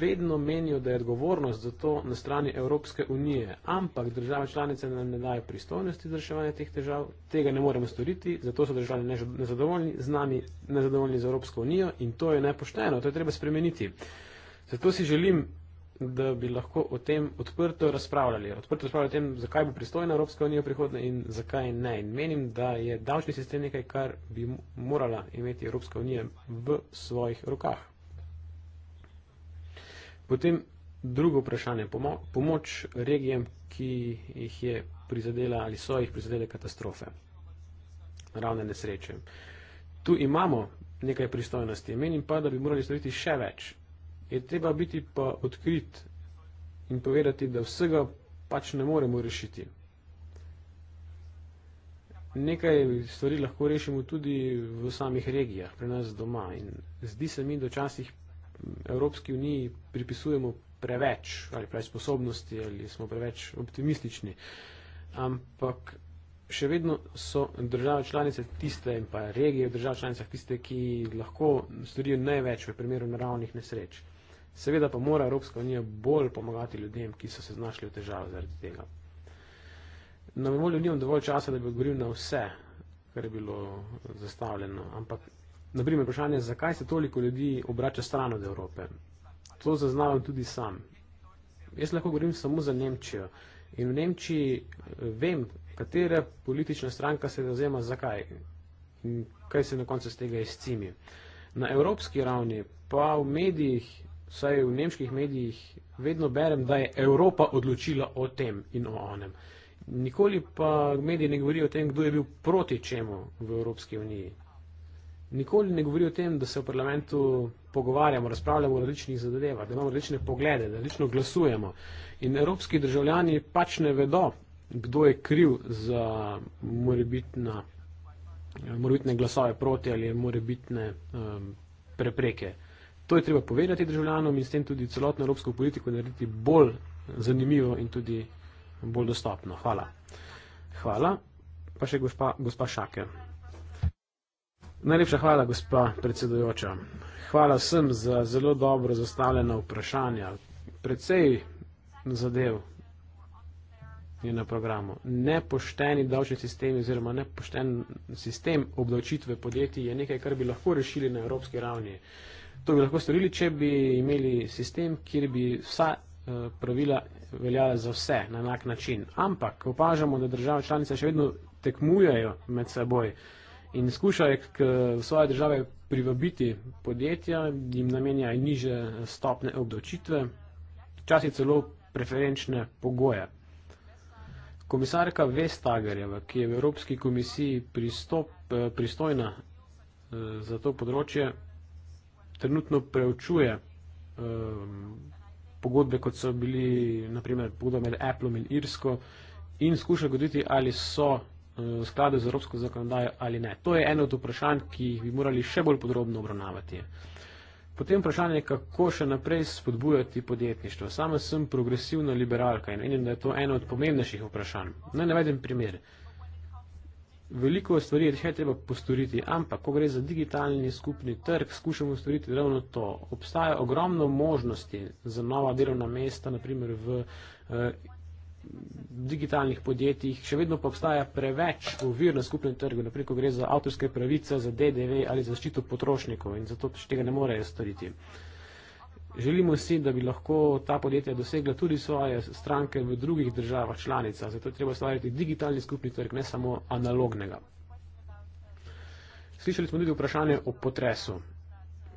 vedno menijo, da je odgovornost za to na strani Evropske unije, ampak države članice nam ne dajo pristojnosti za reševanje teh težav, tega ne moremo storiti, zato so državljani nezadovoljni z nami, nezadovoljni z Evropsko unijo in to je nepošteno, to je treba spremeniti. Zato si želim da bi lahko o tem odprto razpravljali. Odprto razpravljali o tem, zakaj bo pristojna Evropska unija v prihodnje in zakaj ne. In menim, da je davčni sistem nekaj, kar bi morala imeti Evropska unija v svojih rokah. Potem drugo vprašanje. Pomo pomoč regijem, ki jih je prizadela ali so jih prizadele katastrofe, ravne nesreče. Tu imamo nekaj pristojnosti. Menim pa, da bi morali storiti še več je treba biti pa odkrit in povedati, da vsega pač ne moremo rešiti. Nekaj stvari lahko rešimo tudi v samih regijah, pri nas doma. In zdi se mi, da včasih Evropski uniji pripisujemo preveč ali preveč sposobnosti ali smo preveč optimistični. Ampak še vedno so države članice tiste in pa regije v državah članicah tiste, ki lahko storijo največ v primeru naravnih nesreč. Seveda pa mora Evropska unija bolj pomagati ljudem, ki so se znašli v težavah zaradi tega. Na voljo nimam dovolj časa, da bi odgovoril na vse, kar je bilo zastavljeno, ampak naprimer vprašanje, zakaj se toliko ljudi obrača stran od Evrope. To zaznavam tudi sam. Jaz lahko govorim samo za Nemčijo. In v Nemčiji eh, vem, katera politična stranka se zazema zakaj in kaj se na koncu z tega izcimi. Na evropski ravni pa v medijih vsaj v nemških medijih, vedno berem, da je Evropa odločila o tem in o onem. Nikoli pa mediji ne govorijo o tem, kdo je bil proti čemu v Evropski uniji. Nikoli ne govorijo o tem, da se v parlamentu pogovarjamo, razpravljamo o različnih zadevah, da imamo različne poglede, da različno glasujemo. In evropski državljani pač ne vedo, kdo je kriv za morebitna, morebitne glasove proti ali morebitne um, prepreke. To je treba povedati državljanom in s tem tudi celotno evropsko politiko narediti bolj zanimivo in tudi bolj dostopno. Hvala. Hvala. Pa še gospa, gospa Šake. Najlepša hvala, gospa predsedojoča. Hvala vsem za zelo dobro zastavljena vprašanja. Predvsej zadev je na programu. Nepošteni davčni sistem oziroma nepošten sistem obdavčitve podjetij je nekaj, kar bi lahko rešili na evropski ravni. To bi lahko storili, če bi imeli sistem, kjer bi vsa eh, pravila veljala za vse na enak način. Ampak opažamo, da države članice še vedno tekmujejo med seboj in skušajo k svoje države privabiti podjetja, jim namenjajo niže stopne obdočitve, včasih celo preferenčne pogoje. Komisarka Vestagarjeva, ki je v Evropski komisiji pristop, eh, pristojna eh, za to področje, trenutno preučuje um, pogodbe, kot so bili, naprimer, pogodbe med Apple in Irsko in skuša ugotoviti, ali so uh, v uh, skladu z evropsko zakonodajo ali ne. To je eno od vprašanj, ki jih bi morali še bolj podrobno obravnavati. Potem vprašanje je, kako še naprej spodbujati podjetništvo. Sama sem progresivna liberalka in menim, da je to eno od pomembnejših vprašanj. Naj navedem primer. Uh, veliko stvari je še treba postoriti, ampak ko gre za digitalni skupni trg, skušamo storiti ravno to. Obstaja ogromno možnosti za nova delovna mesta, naprimer v eh, digitalnih podjetjih, še vedno pa obstaja preveč ovir na skupnem trgu, naprimer, ko gre za avtorske pravice, za DDV ali zaščito potrošnikov in zato tega ne morejo storiti. Uh, Želimo si, da bi lahko ta podjetja dosegla tudi svoje stranke v drugih državah članica, zato je treba ustvariti digitalni skupni trg, ne samo analognega. Slišali smo tudi vprašanje o potresu.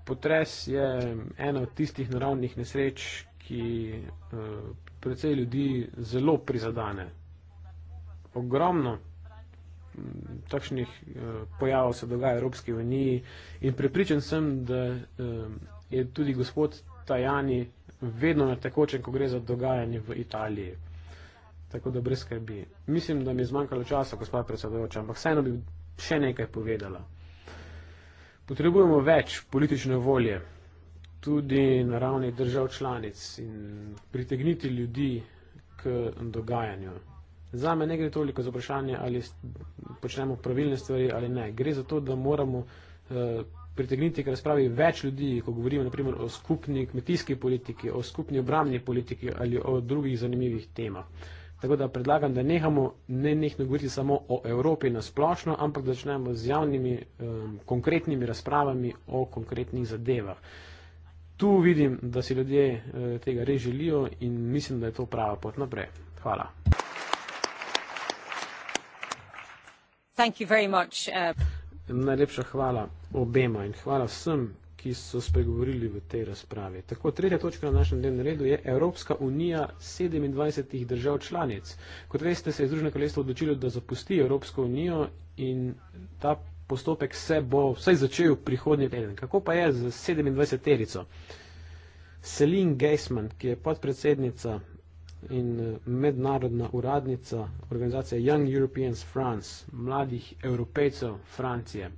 Potres je ena od tistih naravnih nesreč, ki eh, predvsej ljudi zelo prizadane. Ogromno mm, takšnih eh, pojavov se dogaja v Evropski uniji in prepričan sem, da eh, je tudi gospod Tajani vedno na tekočem, ko gre za dogajanje v Italiji. Tako da brez skrbi. Mislim, da mi je zmanjkalo časa, gospa predsedujoča, ampak vseeno bi še nekaj povedala. Potrebujemo več politične volje, tudi na ravni držav članic in pritegniti ljudi k dogajanju. Za me ne gre toliko za vprašanje, ali počnemo pravilne stvari ali ne. Gre za to, da moramo eh, pritegniti k razpravi več ljudi, ko govorimo naprimer o skupni kmetijski politiki, o skupni obramni politiki ali o drugih zanimivih temah. Tako da predlagam, da nehamo ne nehno govoriti samo o Evropi na splošno, ampak začnemo z javnimi, um, konkretnimi razpravami o konkretnih zadevah. Tu vidim, da si ljudje uh, tega res želijo in mislim, da je to prava pot naprej. Hvala. Thank you very much. Uh... Najlepša hvala obema in hvala vsem, ki so spregovorili v tej razpravi. Tako, tretja točka na našem dnevnem redu je Evropska unija 27 držav članic. Kot veste, se je Združeno kraljestvo odločilo, da zapusti Evropsko unijo in ta postopek se bo vsaj začel prihodnji teden. Kako pa je z 27 terico? Selin Geisman, ki je podpredsednica in eh, mednarodna uradnica organizacije Young Europeans France, mladih evropejcev Francije,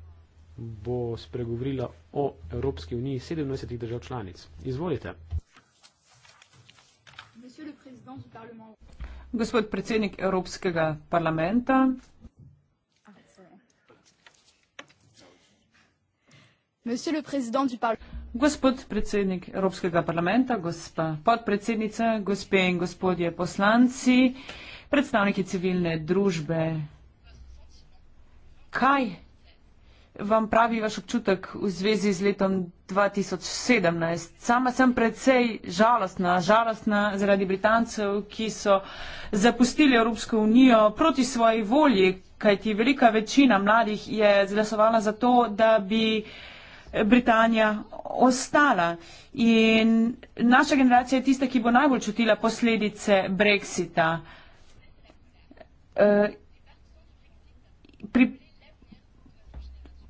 bo spregovorila o Evropski uniji 27 držav članic. Izvolite. Gospod predsednik Evropskega parlamenta, Monsieur le Président du Parlement. Gospod predsednik Evropskega parlamenta, gospa podpredsednica, gospe in gospodje poslanci, predstavniki civilne družbe, kaj vam pravi vaš občutek v zvezi z letom 2017? Sama sem predvsej žalostna, žalostna zaradi Britancev, ki so zapustili Evropsko unijo proti svoji volji, kajti velika večina mladih je zglasovala za to, da bi Britanija ostala. In naša generacija je tista, ki bo najbolj čutila posledice Brexita. Pri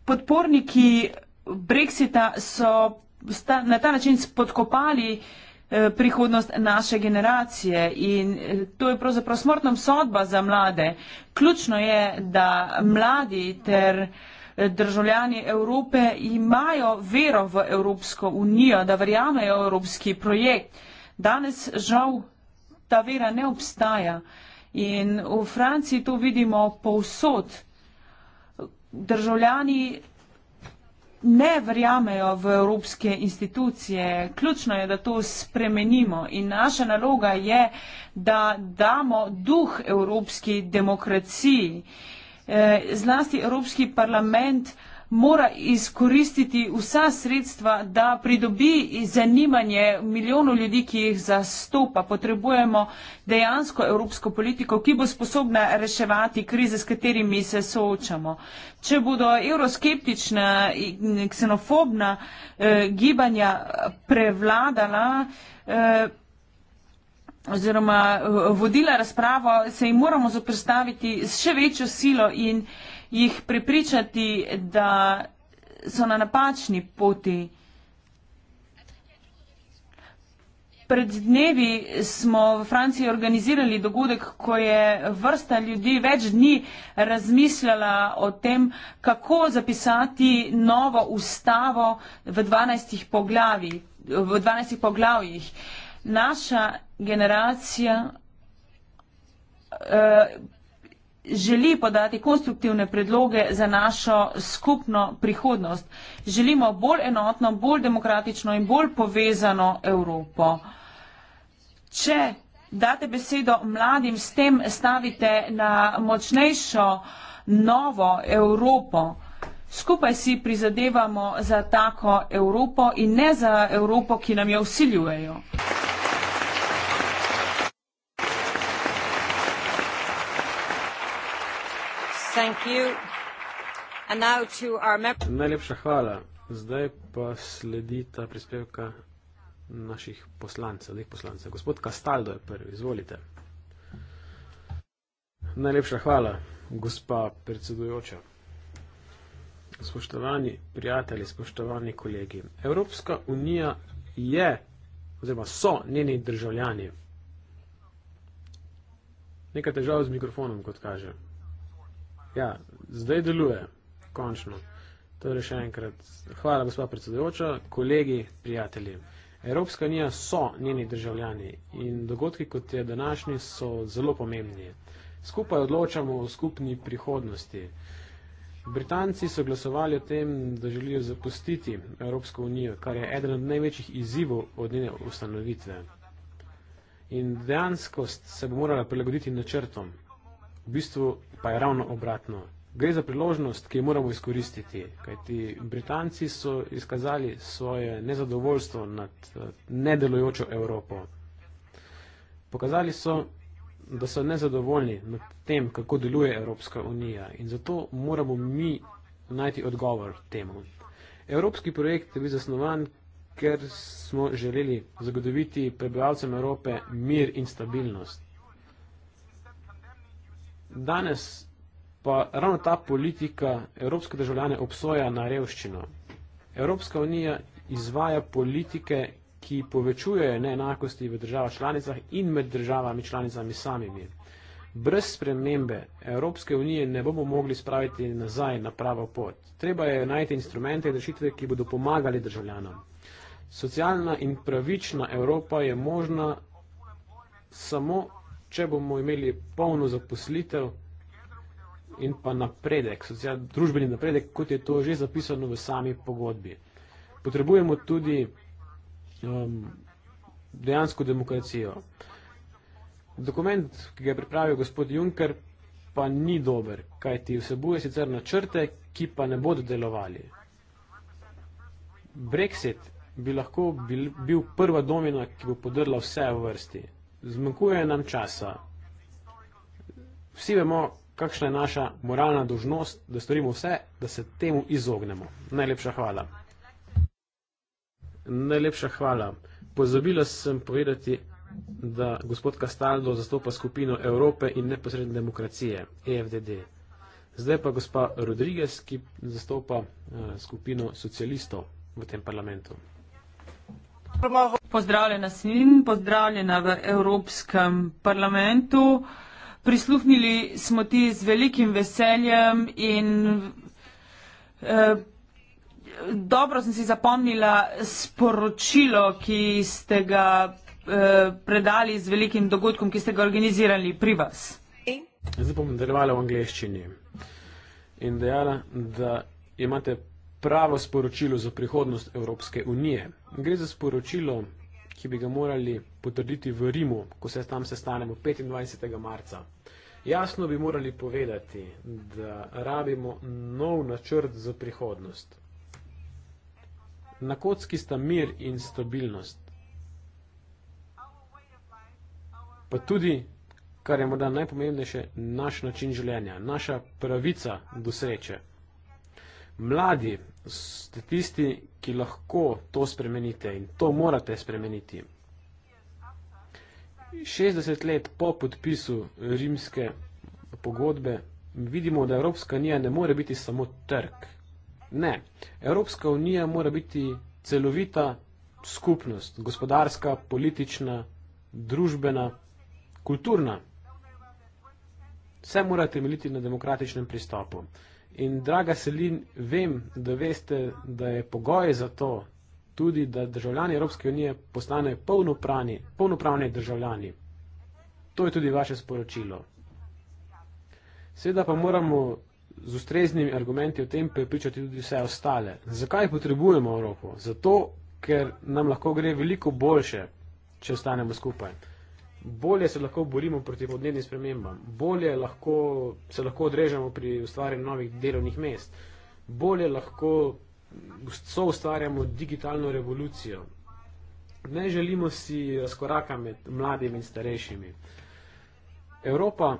podporniki Brexita so na ta način spodkopali eh, prihodnost naše generacije in eh, to je pravzaprav smrtna sodba za mlade. Ključno je, da mladi ter uh, državljani Evrope imajo vero v Evropsko unijo, da verjamejo v Evropski projekt. Danes žal ta vera ne obstaja in v Franciji to vidimo povsod. Državljani ne verjamejo v evropske institucije. Ključno je, da to spremenimo in naša naloga je, da damo duh evropski demokraciji. Eh, zlasti Evropski parlament mora izkoristiti vsa sredstva, da pridobi zanimanje milijonov ljudi, ki jih zastopa. Potrebujemo dejansko evropsko politiko, ki bo sposobna reševati krize, s katerimi se soočamo. Če bodo euroskeptična in ksenofobna eh, gibanja prevladala, eh, oziroma eh, vodila razpravo, se jim moramo zoprstaviti s še večjo silo in jih prepričati, da so na napačni poti. Pred dnevi smo v Franciji organizirali dogodek, ko je vrsta ljudi več dni razmišljala o tem, kako zapisati novo ustavo v 12 poglavjih naša generacija eh, želi podati konstruktivne predloge za našo skupno prihodnost. Želimo bolj enotno, bolj demokratično in bolj povezano Evropo. Če date besedo mladim, s tem stavite na močnejšo novo Evropo. Skupaj si prizadevamo za tako Evropo in ne za Evropo, ki nam jo vsiljujejo. Najlepša hvala. Zdaj pa sledi ta prispevka naših poslancev, dveh poslancev. Gospod Kastaldo je prvi, izvolite. Najlepša hvala, gospa predsedujoča. Spoštovani prijatelji, spoštovani kolegi. Evropska unija je, oziroma so njeni državljani. Nekaj težav z mikrofonom, kot kažem. Ja, zdaj deluje, končno. Torej še enkrat, hvala gospod predsedujoča, kolegi, prijatelji. Evropska unija so njeni državljani in dogodki, kot je današnji, so zelo pomembni. Skupaj odločamo o skupni prihodnosti. Britanci so glasovali o tem, da želijo zapustiti Evropsko unijo, kar je eden od največjih izzivov od njene ustanovitve. In dejanskost se bo morala prilagoditi načrtom, v bistvu pa je ravno obratno. Gre za priložnost, ki jo moramo izkoristiti, kajti Britanci so izkazali svoje nezadovoljstvo nad eh, nedelujočo Evropo. Pokazali so, da so nezadovoljni nad tem, kako deluje Evropska unija in zato moramo mi najti odgovor temu. Evropski projekt je bil zasnovan, ker smo želeli zagotoviti prebivalcem Evrope mir in stabilnost. Danes pa ravno ta politika evropske državljane obsoja na revščino. Evropska unija izvaja politike, ki povečujejo neenakosti v državah članicah in med državami članicami samimi. Brez spremembe Evropske unije ne bomo mogli spraviti nazaj na pravo pot. Treba je najti instrumente in rešitve, ki bodo pomagali državljanom. Socialna in pravična Evropa je možna samo če bomo imeli polno zaposlitev in pa napredek, social, družbeni napredek, kot je to že zapisano v sami pogodbi. Potrebujemo tudi um, dejansko demokracijo. Dokument, ki ga je pripravil gospod Juncker, pa ni dober, kaj ti vsebuje sicer načrte, ki pa ne bodo delovali. Brexit bi lahko bil prva domina, ki bo podrla vse v vrsti zmanjkuje nam časa. Vsi vemo, kakšna je naša moralna dožnost, da storimo vse, da se temu izognemo. Najlepša hvala. Najlepša hvala. Pozabila sem povedati, da gospod Kastaldo zastopa skupino Evrope in neposredne demokracije, EFDD. Zdaj pa gospa Rodriguez, ki zastopa eh, skupino socialistov v tem parlamentu. Pozdravljena sin, pozdravljena v Evropskem parlamentu. Prisluhnili smo ti z velikim veseljem in eh, dobro sem si zapomnila sporočilo, ki ste ga eh, predali z velikim dogodkom, ki ste ga organizirali pri vas. Zdaj bom nadaljevala v angleščini in dejala, da imate pravo sporočilo za prihodnost Evropske unije. Gre za sporočilo, ki bi ga morali potrditi v Rimu, ko se tam sestanemo 25. marca. Jasno bi morali povedati, da rabimo nov načrt za prihodnost. Na kocki sta mir in stabilnost. Pa tudi, kar je morda najpomembnejše, naš način življenja, naša pravica do sreče. Mladi ste tisti, ki lahko to spremenite in to morate spremeniti. 60 let po podpisu rimske pogodbe vidimo, da Evropska unija ne more biti samo trg. Ne, Evropska unija mora biti celovita skupnost, gospodarska, politična, družbena, kulturna. Vse mora temeljiti na demokratičnem pristopu. In draga Selin, vem, da veste, da je pogoj za to tudi, da državljani Evropske unije postanejo polnopravni, polnopravni državljani. To je tudi vaše sporočilo. Seveda pa moramo z ustreznimi argumenti o tem prepričati tudi vse ostale. Zakaj potrebujemo Evropo? Zato, ker nam lahko gre veliko boljše, če ostanemo skupaj bolje se lahko borimo proti podnebnim spremembam, bolje lahko, se lahko odrežemo pri ustvarjanju novih delovnih mest, bolje lahko so ustvarjamo digitalno revolucijo. Ne želimo si razkoraka med mladimi in starejšimi. Evropa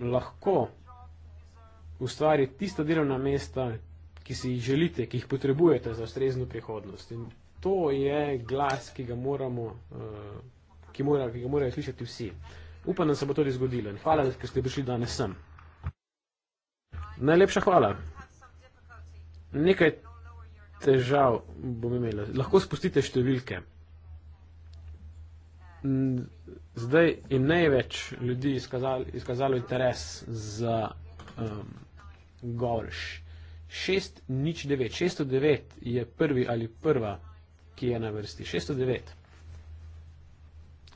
lahko ustvari tista delovna mesta, ki si jih želite, ki jih potrebujete za ustrezno prihodnost. In to je glas, ki ga moramo uh, ki, mora, ki ga morajo slišati vsi. Upam, da se bo tudi zgodilo in hvala, ker ste prišli danes sem. Najlepša hvala. Nekaj težav bom imela. Lahko spustite številke. Zdaj je največ ljudi izkazalo, izkazalo interes za um, govorš. 609, 609 je prvi ali prva, ki je na vrsti. 609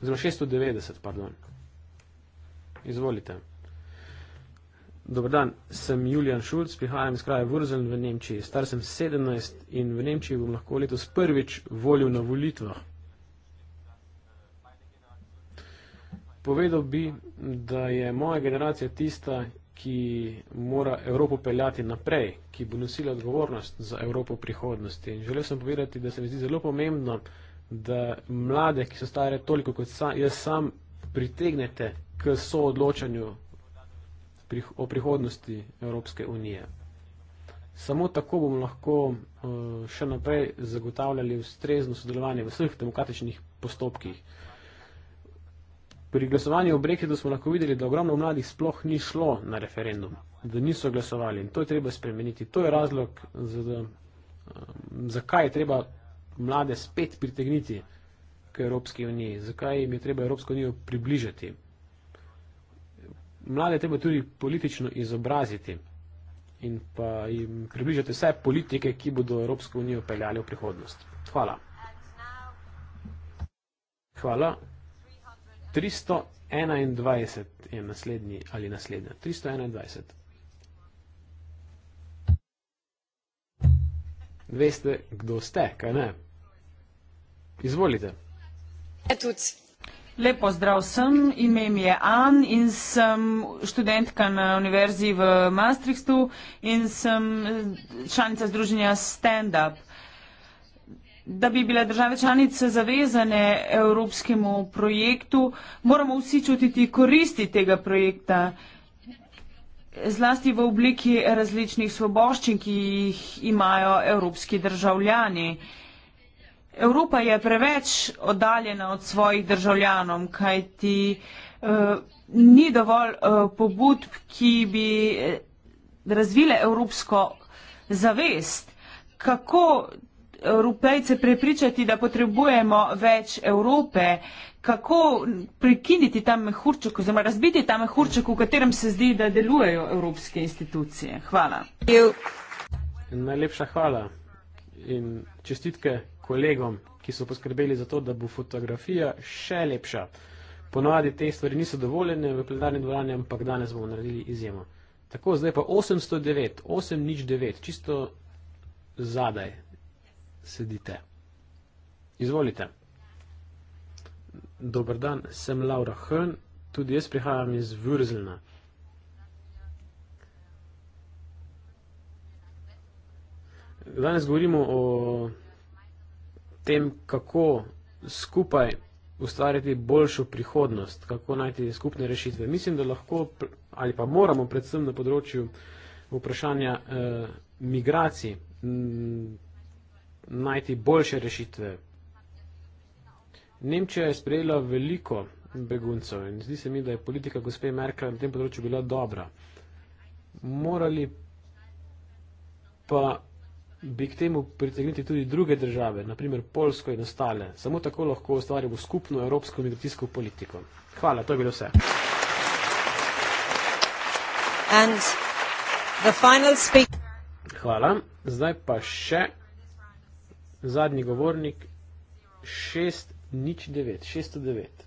oziroma 690, pardon. Izvolite. Dobro dan, sem Julian Šulc, prihajam iz kraja Vrzeln v Nemčiji. Star sem 17 in v Nemčiji bom lahko letos prvič volil na volitvah. Povedal bi, da je moja generacija tista, ki mora Evropo peljati naprej, ki bo nosila odgovornost za Evropo prihodnosti. In želel sem povedati, da se mi zdi zelo pomembno, da da mlade, ki so stare toliko kot sam, jaz sam, pritegnete k soodločanju o prihodnosti Evropske unije. Samo tako bomo lahko eh, še naprej zagotavljali ustrezno sodelovanje v vseh demokratičnih postopkih. Pri glasovanju v Brexitu smo lahko videli, da ogromno mladih sploh ni šlo na referendum, da niso glasovali in to je treba spremeniti. To je razlog, za, da, eh, zakaj je treba mlade spet pritegniti k Evropski uniji, zakaj jim je treba Evropsko unijo približati. Mlade treba tudi politično izobraziti in pa jim približati vse politike, ki bodo Evropsko unijo peljali v prihodnost. Hvala. Hvala. 321 je naslednji ali naslednja. 321. veste, kdo ste, kaj ne? Izvolite. Je tudi. Lepo zdrav sem, ime mi je An in sem študentka na univerzi v Maastrichtu in sem eh, članica združenja Stand Up. Da bi bile države članice zavezane evropskemu projektu, moramo vsi čutiti koristi tega projekta zlasti v obliki različnih svoboščin, ki jih imajo evropski državljani. Evropa je preveč oddaljena od svojih državljanov, kajti eh, ni dovolj eh, pobud, ki bi eh, razvile evropsko zavest. Kako eh, evropejce prepričati, da potrebujemo več Evrope? kako prekiniti ta mehurček oziroma razbiti ta mehurček, v katerem se zdi, da delujejo evropske institucije. Hvala. Najlepša hvala in čestitke kolegom, ki so poskrbeli za to, da bo fotografija še lepša. Ponovadi te stvari niso dovoljene v plenarni dvorani, ampak danes bomo naredili izjemo. Tako, zdaj pa 809, 809, čisto zadaj sedite. Izvolite. Dober dan, sem Laura Hrn, tudi jaz prihajam iz Vrzelna. Danes govorimo o tem, kako skupaj ustvariti boljšo prihodnost, kako najti skupne rešitve. Mislim, da lahko ali pa moramo predvsem na področju vprašanja eh, migracij najti boljše rešitve, Nemčija je sprejela veliko beguncev in zdi se mi, da je politika gospe Merkel na tem področju bila dobra. Morali pa bi k temu pritegniti tudi druge države, naprimer Polsko in ostale. Samo tako lahko ustvarimo skupno evropsko migracijsko politiko. Hvala, to je bilo vse. Hvala. Zdaj pa še zadnji govornik, šest nič devet, šeststo devet.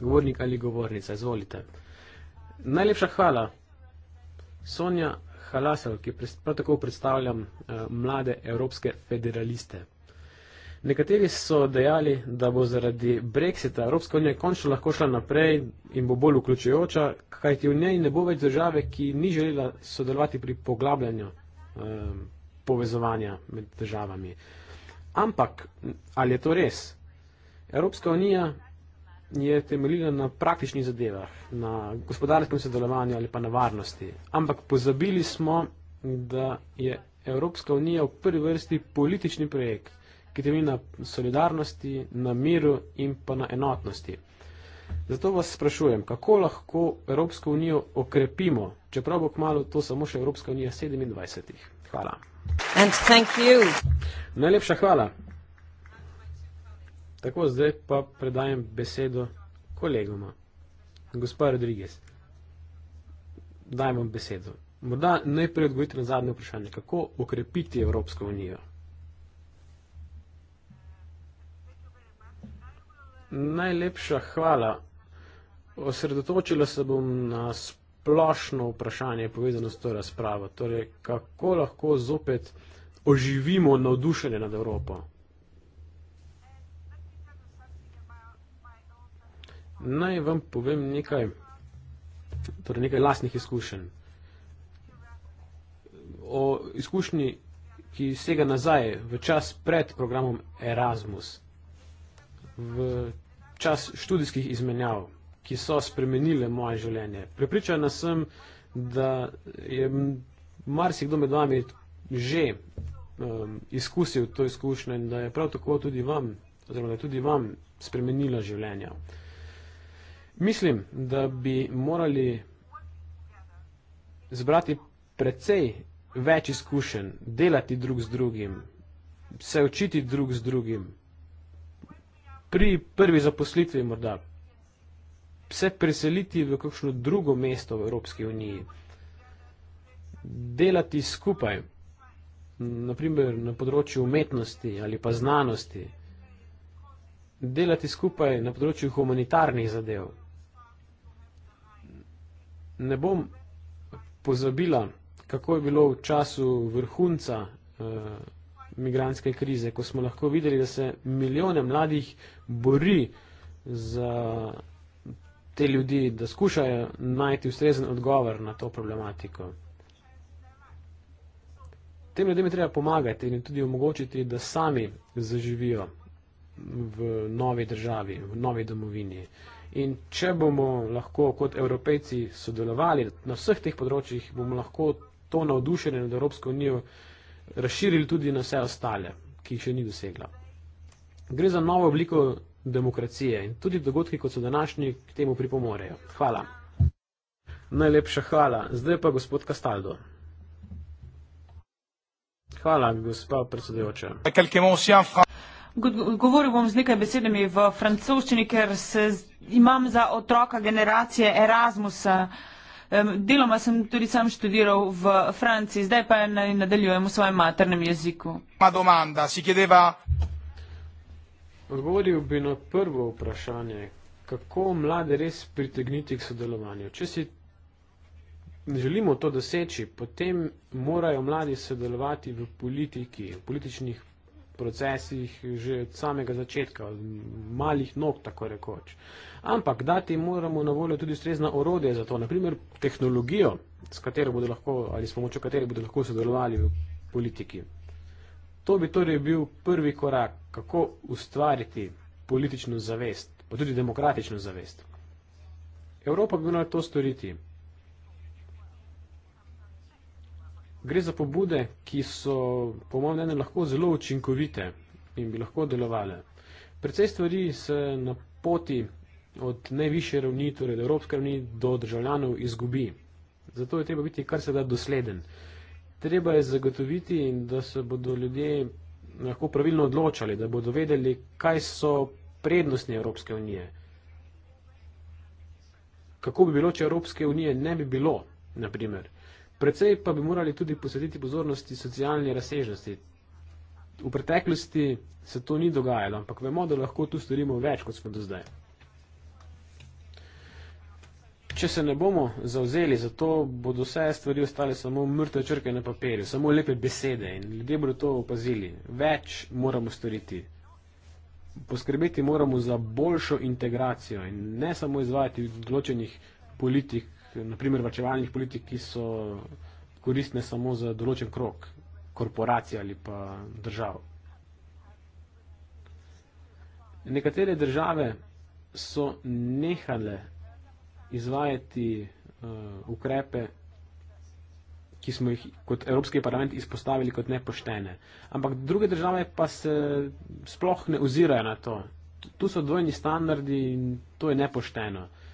Govornik ali govornica, izvolite. Najlepša hvala, Sonja Halasel, ki prav tako predstavljam eh, mlade evropske federaliste. Nekateri so dejali, da bo zaradi brexita Evropska unija končno lahko šla naprej in bo bolj vključujoča, kajti v njej ne bo več države, ki ni želela sodelovati pri poglabljanju eh, povezovanja med državami. Ampak ali je to res? Evropska unija je temeljila na praktičnih zadevah, na gospodarskem sodelovanju ali pa na varnosti. Ampak pozabili smo, da je Evropska unija v prvi vrsti politični projekt, ki temelji na solidarnosti, na miru in pa na enotnosti. Zato vas sprašujem, kako lahko Evropsko unijo okrepimo, čeprav bo kmalo to samo še Evropska unija 27. Hvala. Najlepša hvala. Tako, zdaj pa predajem besedo kolegoma. Gospa Rodriguez, dajem vam besedo. Morda najprej odgovorite na zadnje vprašanje. Kako ukrepiti Evropsko unijo? Najlepša hvala. Osredotočila se bom na splošno vprašanje povezano s to razpravo. Torej, kako lahko zopet oživimo navdušenje nad Evropo? Naj vam povem nekaj, torej nekaj lastnih izkušenj. O izkušnji, ki sega nazaj v čas pred programom Erasmus, v čas študijskih izmenjav, ki so spremenile moje življenje. Prepričan sem, da je marsikdo med vami že um, izkusil to izkušnjo in da je prav tako tudi vam, oziroma da je tudi vam spremenila življenja. Mislim, da bi morali zbrati precej več izkušenj, delati drug z drugim, se učiti drug z drugim, pri prvi zaposlitvi morda, se preseliti v kakšno drugo mesto v Evropski uniji, delati skupaj, naprimer na področju umetnosti ali pa znanosti, delati skupaj na področju humanitarnih zadev ne bom pozabila, kako je bilo v času vrhunca eh, migranske krize, ko smo lahko videli, da se milijone mladih bori za te ljudi, da skušajo najti ustrezen odgovor na to problematiko. Tem ljudem je treba pomagati in tudi omogočiti, da sami zaživijo v novi državi, v novi domovini. In če bomo lahko kot evropejci sodelovali na vseh teh področjih, bomo lahko to navdušenje nad Evropsko unijo razširili tudi na vse ostale, ki jih še ni dosegla. Gre za novo obliko demokracije in tudi dogodki, kot so današnji, k temu pripomorejo. Hvala. Najlepša hvala. Zdaj pa gospod Castaldo. Hvala, gospod predsedujoča. Govoril bom z nekaj besedami v francoščini, ker se imam za otroka generacije Erasmusa. Deloma sem tudi sam študiral v Franciji, zdaj pa nadaljujem v svojem maternem jeziku. Odgovoril bi na prvo vprašanje, kako mlade res pritegniti k sodelovanju. Če si želimo to doseči, potem morajo mladi sodelovati v politiki, v političnih procesih že od samega začetka, od malih nog, tako rekoč. Ampak dati moramo na voljo tudi ustrezna orodje za to, naprimer tehnologijo, s katero bodo lahko ali s pomočjo katere bodo lahko sodelovali v politiki. To bi torej bil prvi korak, kako ustvariti politično zavest, pa tudi demokratično zavest. Evropa bi morala to storiti. Gre za pobude, ki so, po mojem mnenju, lahko zelo učinkovite in bi lahko delovale. Predvsej stvari se na poti od najvišje ravni, torej od evropske ravni do državljanov, izgubi. Zato je treba biti kar se da dosleden. Treba je zagotoviti, da se bodo ljudje lahko pravilno odločali, da bodo vedeli, kaj so prednosti Evropske unije. Kako bi bilo, če Evropske unije ne bi bilo, naprimer. Predvsej pa bi morali tudi posvetiti pozornosti socialni razsežnosti. V preteklosti se to ni dogajalo, ampak vemo, da lahko tu storimo več, kot smo do zdaj. Če se ne bomo zauzeli za to, bodo vse stvari ostale samo mrtve črke na papirju, samo lepe besede in ljudje bodo to opazili. Več moramo storiti. Poskrbeti moramo za boljšo integracijo in ne samo izvajati določenih politik, naprimer vrčevalnih politik, ki so koristne samo za določen krok korporacij ali pa držav. Nekatere države so nehale izvajati uh, ukrepe, ki smo jih kot Evropski parlament izpostavili kot nepoštene. Ampak druge države pa se sploh ne ozirajo na to. Tu so dvojni standardi in to je nepošteno. Uh,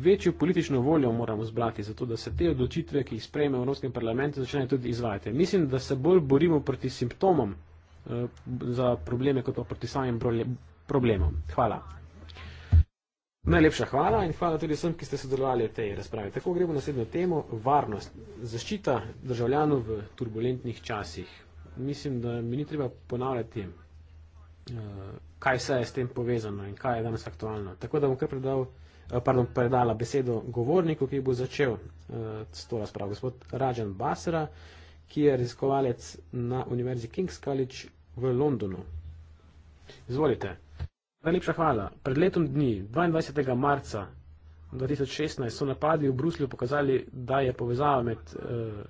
Večjo politično voljo moramo zbrati, zato da se te odločitve, ki jih sprejme v Evropskem parlamentu, začnejo tudi izvajati. Mislim, da se bolj borimo proti simptomom eh, za probleme, kot pa proti samim problemom. Hvala. Najlepša hvala in hvala tudi vsem, ki ste sodelovali v tej razpravi. Tako gremo na naslednjo temo, varnost, zaščita državljanov v turbulentnih časih. Mislim, da mi ni treba ponavljati, eh, kaj se je s tem povezano in kaj je danes aktualno. Tako da bom kar predal. Eh, pardon, predala besedo govorniku, ki bo začel uh, s to razpravo. Gospod Rajan Basra, ki je raziskovalec na Univerzi King's College v Londonu. Izvolite. Najlepša hvala. Pred letom dni, 22. marca 2016, so napadi v Bruslju pokazali, da je povezava med uh,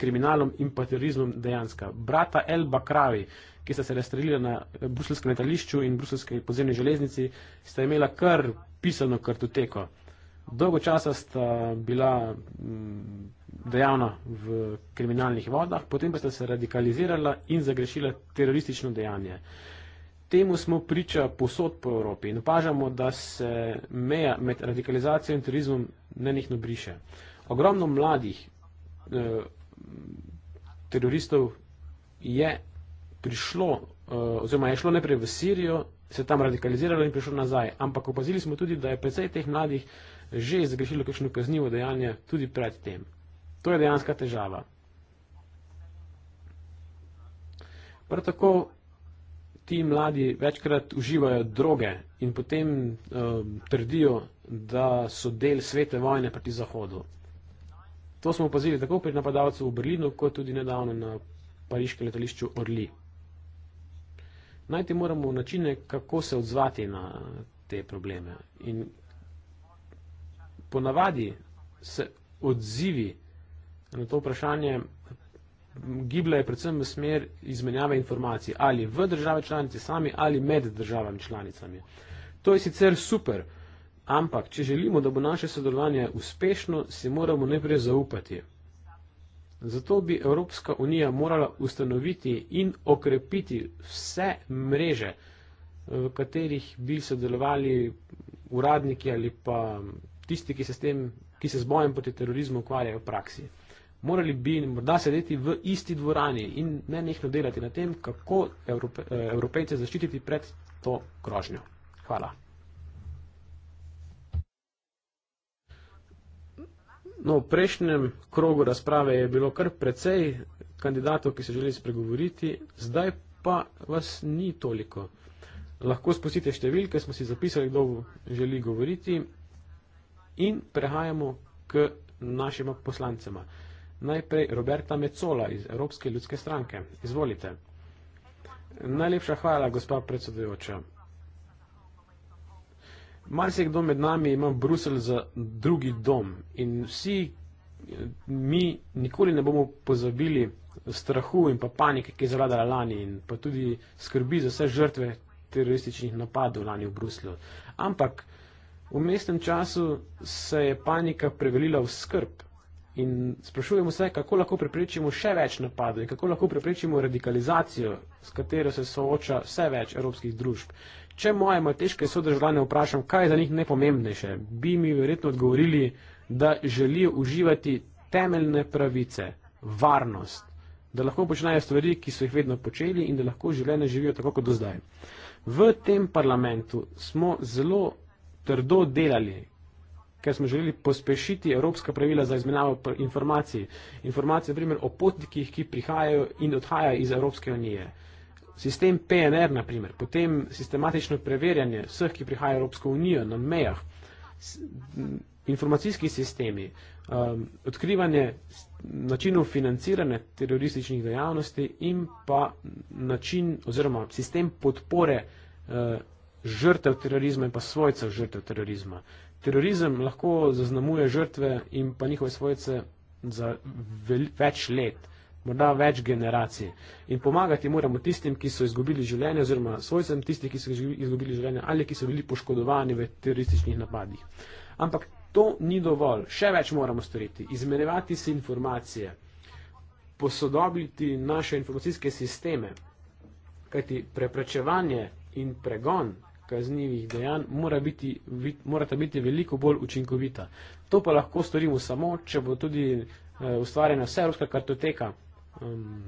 kriminalom in terorizmom dejanska. Brata Elba Kravi, ki sta se razstrelila na bruselskem letališču in bruselski podzemni železnici, sta imela kar pisano kartoteko. Dolgo časa sta bila mm, dejavna v kriminalnih vodah, potem pa sta se radikalizirala in zagrešila teroristično dejanje. Temu smo priča posod po Evropi in opažamo, da se meja med radikalizacijo in turizmom nenehno briše. Ogromno mladih eh, teroristov je prišlo, eh, oziroma je šlo najprej v Sirijo, se tam radikaliziralo in prišlo nazaj. Ampak opazili smo tudi, da je precej teh mladih že zagrešilo kakšno kaznivo dejanje tudi pred tem. To je dejanska težava. Prav tako ti mladi večkrat uživajo droge in potem um, trdijo, da so del svete vojne proti Zahodu. To smo opazili tako pri napadalcu v Berlinu, kot tudi nedavno na pariškem letališču Orli najti moramo načine, kako se odzvati na te probleme. In ponavadi se odzivi na to vprašanje gibljajo predvsem v smer izmenjave informacij ali v države članice sami ali med državami članicami. To je sicer super, ampak če želimo, da bo naše sodelovanje uspešno, si moramo najprej zaupati. Zato bi Evropska unija morala ustanoviti in okrepiti vse mreže, v katerih bi sodelovali uradniki ali pa tisti, ki se, tem, ki se z bojem proti terorizmu ukvarjajo v praksi. Morali bi morda sedeti v isti dvorani in ne nekno delati na tem, kako Evrope, eh, Evropejce zaščititi pred to grožnjo. Hvala. No, v prejšnjem krogu razprave je bilo kar precej kandidatov, ki so želeli spregovoriti, zdaj pa vas ni toliko. Lahko spustite številke, smo si zapisali, kdo želi govoriti in prehajamo k našima poslancema. Najprej Roberta Mecola iz Evropske ljudske stranke. Izvolite. Najlepša hvala, gospa predsedujoča. Marsikdo med nami ima Bruselj za drugi dom in vsi eh, mi nikoli ne bomo pozabili strahu in pa panike, ki je zavladala lani in pa tudi skrbi za vse žrtve terorističnih napadov lani v Bruslju. Ampak v mestnem času se je panika prevelila v skrb in sprašujemo se, kako lahko preprečimo še več napadov in kako lahko preprečimo radikalizacijo, s katero se sooča vse več evropskih družb. Če moje mateške sodržavljane vprašam, kaj je za njih najpomembnejše, bi mi verjetno odgovorili, da želijo uživati temeljne pravice, varnost, da lahko počnejo stvari, ki so jih vedno počeli in da lahko življenje živijo tako kot do zdaj. V tem parlamentu smo zelo trdo delali, ker smo želeli pospešiti evropska pravila za izmenjavo informacij. Informacije, primer, o potnikih, ki prihajajo in odhajajo iz Evropske unije sistem PNR, naprimer, potem sistematično preverjanje vseh, ki prihajajo Evropsko unijo na mejah, informacijski sistemi, um, odkrivanje načinov financiranja terorističnih dejavnosti in pa način oziroma sistem podpore uh, žrtev terorizma in pa svojcev žrtev terorizma. Terorizem lahko zaznamuje žrtve in pa njihove svojce za več let. Uh, morda več generacij. In pomagati moramo tistim, ki so izgubili življenje, oziroma svojcem tistih, ki so izgubili življenje ali ki so bili poškodovani v terorističnih napadih. Ampak to ni dovolj, še več moramo storiti, izmenjevati si informacije, posodobiti naše informacijske sisteme, kajti preprečevanje in pregon kaznjivih dejanj mora biti, morata biti veliko bolj učinkovita. To pa lahko storimo samo, če bo tudi eh, ustvarjena vseevropska kartoteka um,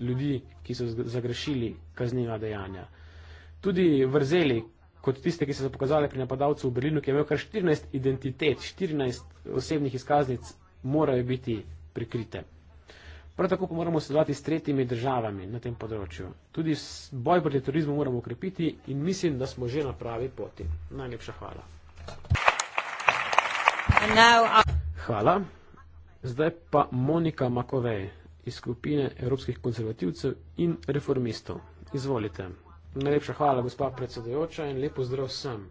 ljudi, ki so zagrešili kazniva dejanja. Tudi vrzeli, kot tiste, ki so se pokazali pri napadalcu v Berlinu, ki je imel kar 14 identitet, 14 osebnih izkaznic, morajo biti prikrite. Prav tako pa moramo sodelovati s tretjimi državami na tem področju. Tudi boj proti turizmu moramo ukrepiti in mislim, da smo že na pravi poti. Najlepša hvala. Hvala. Zdaj pa Monika Makovej iz skupine evropskih konzervativcev in reformistov. Izvolite. Najlepša hvala, gospa predsedajoča, in lepo zdrav vsem.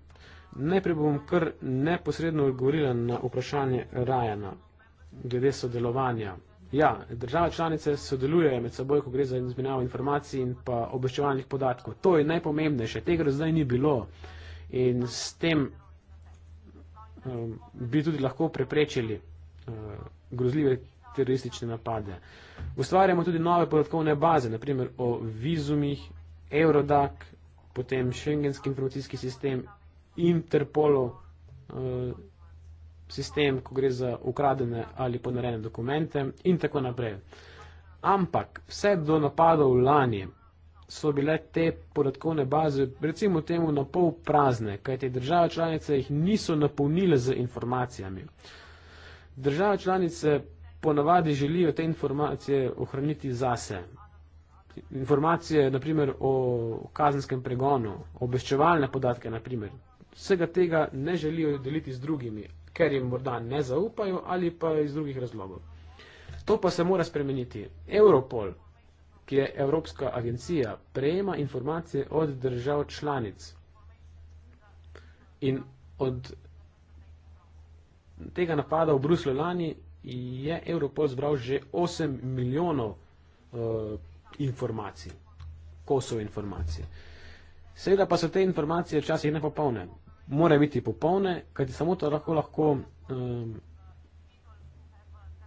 Najprej bom kar neposredno odgovorila na vprašanje Rajana glede sodelovanja. Ja, države članice sodelujejo med seboj, ko gre za izmenjavo informacij in pa obveščevalnih podatkov. To je najpomembnejše, tega do zdaj ni bilo in s tem um, bi tudi lahko preprečili uh, grozljive teroristične napade. Ustvarjamo tudi nove podatkovne baze, naprimer o vizumih, Eurodac, potem šengenski informacijski sistem, Interpolov eh, sistem, ko gre za ukradene ali ponarejene dokumente in tako naprej. Ampak vse do napadov lani so bile te podatkovne baze recimo temu na pol prazne, kajte države članice jih niso napolnile z informacijami. Države članice ponavadi želijo te informacije ohraniti zase. Informacije, naprimer, o kazenskem pregonu, obveščevalne podatke, naprimer. Vsega tega ne želijo deliti z drugimi, ker jim morda ne zaupajo ali pa iz drugih razlogov. To pa se mora spremeniti. Europol, ki je Evropska agencija, prejema informacije od držav članic in od tega napada v Bruslju lani je Europol zbral že 8 milijonov uh, informacij, kosov informacij. Seveda pa so te informacije včasih nepopolne. Morajo biti popolne, kajti samo to lahko, lahko um,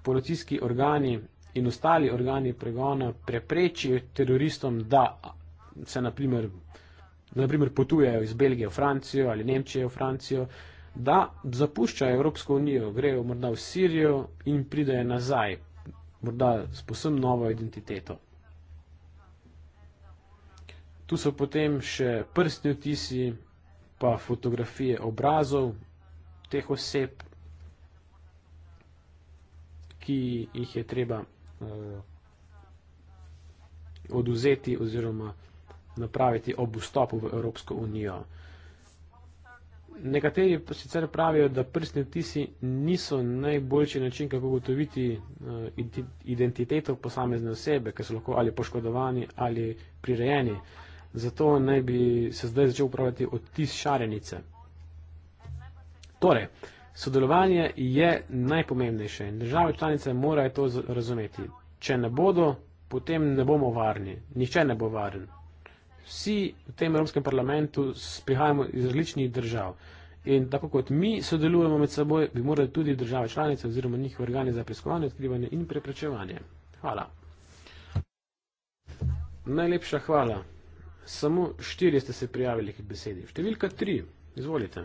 policijski organi in ostali organi pregona preprečijo teroristom, da se naprimer, naprimer potujejo iz Belgije v Francijo ali Nemčije v Francijo, uh, da zapuščajo Evropsko unijo, grejo morda v Sirijo in pridejo nazaj, morda s posebno novo identiteto. Tu so potem še prstni otisi, pa fotografije obrazov teh oseb, ki jih je treba eh, oduzeti oziroma napraviti ob vstopu v Evropsko unijo. Nekateri sicer pravijo, da prstni vtisi niso najboljši način, kako ugotoviti eh, identiteto posamezne osebe, ker so lahko ali poškodovani ali prirejeni. Zato naj bi se zdaj začel upravljati odtis šarenice. Torej, sodelovanje je najpomembnejše in države članice morajo to razumeti. Če ne bodo, potem ne bomo varni. Nihče ne bo varen vsi v tem Evropskem parlamentu prihajamo iz različnih držav. In tako kot mi sodelujemo med seboj, bi morali tudi države članice oziroma njihovi organi za preiskovanje, odkrivanje in preprečevanje. Hvala. Najlepša hvala. Samo štiri ste se prijavili k besedi. Številka tri. Izvolite.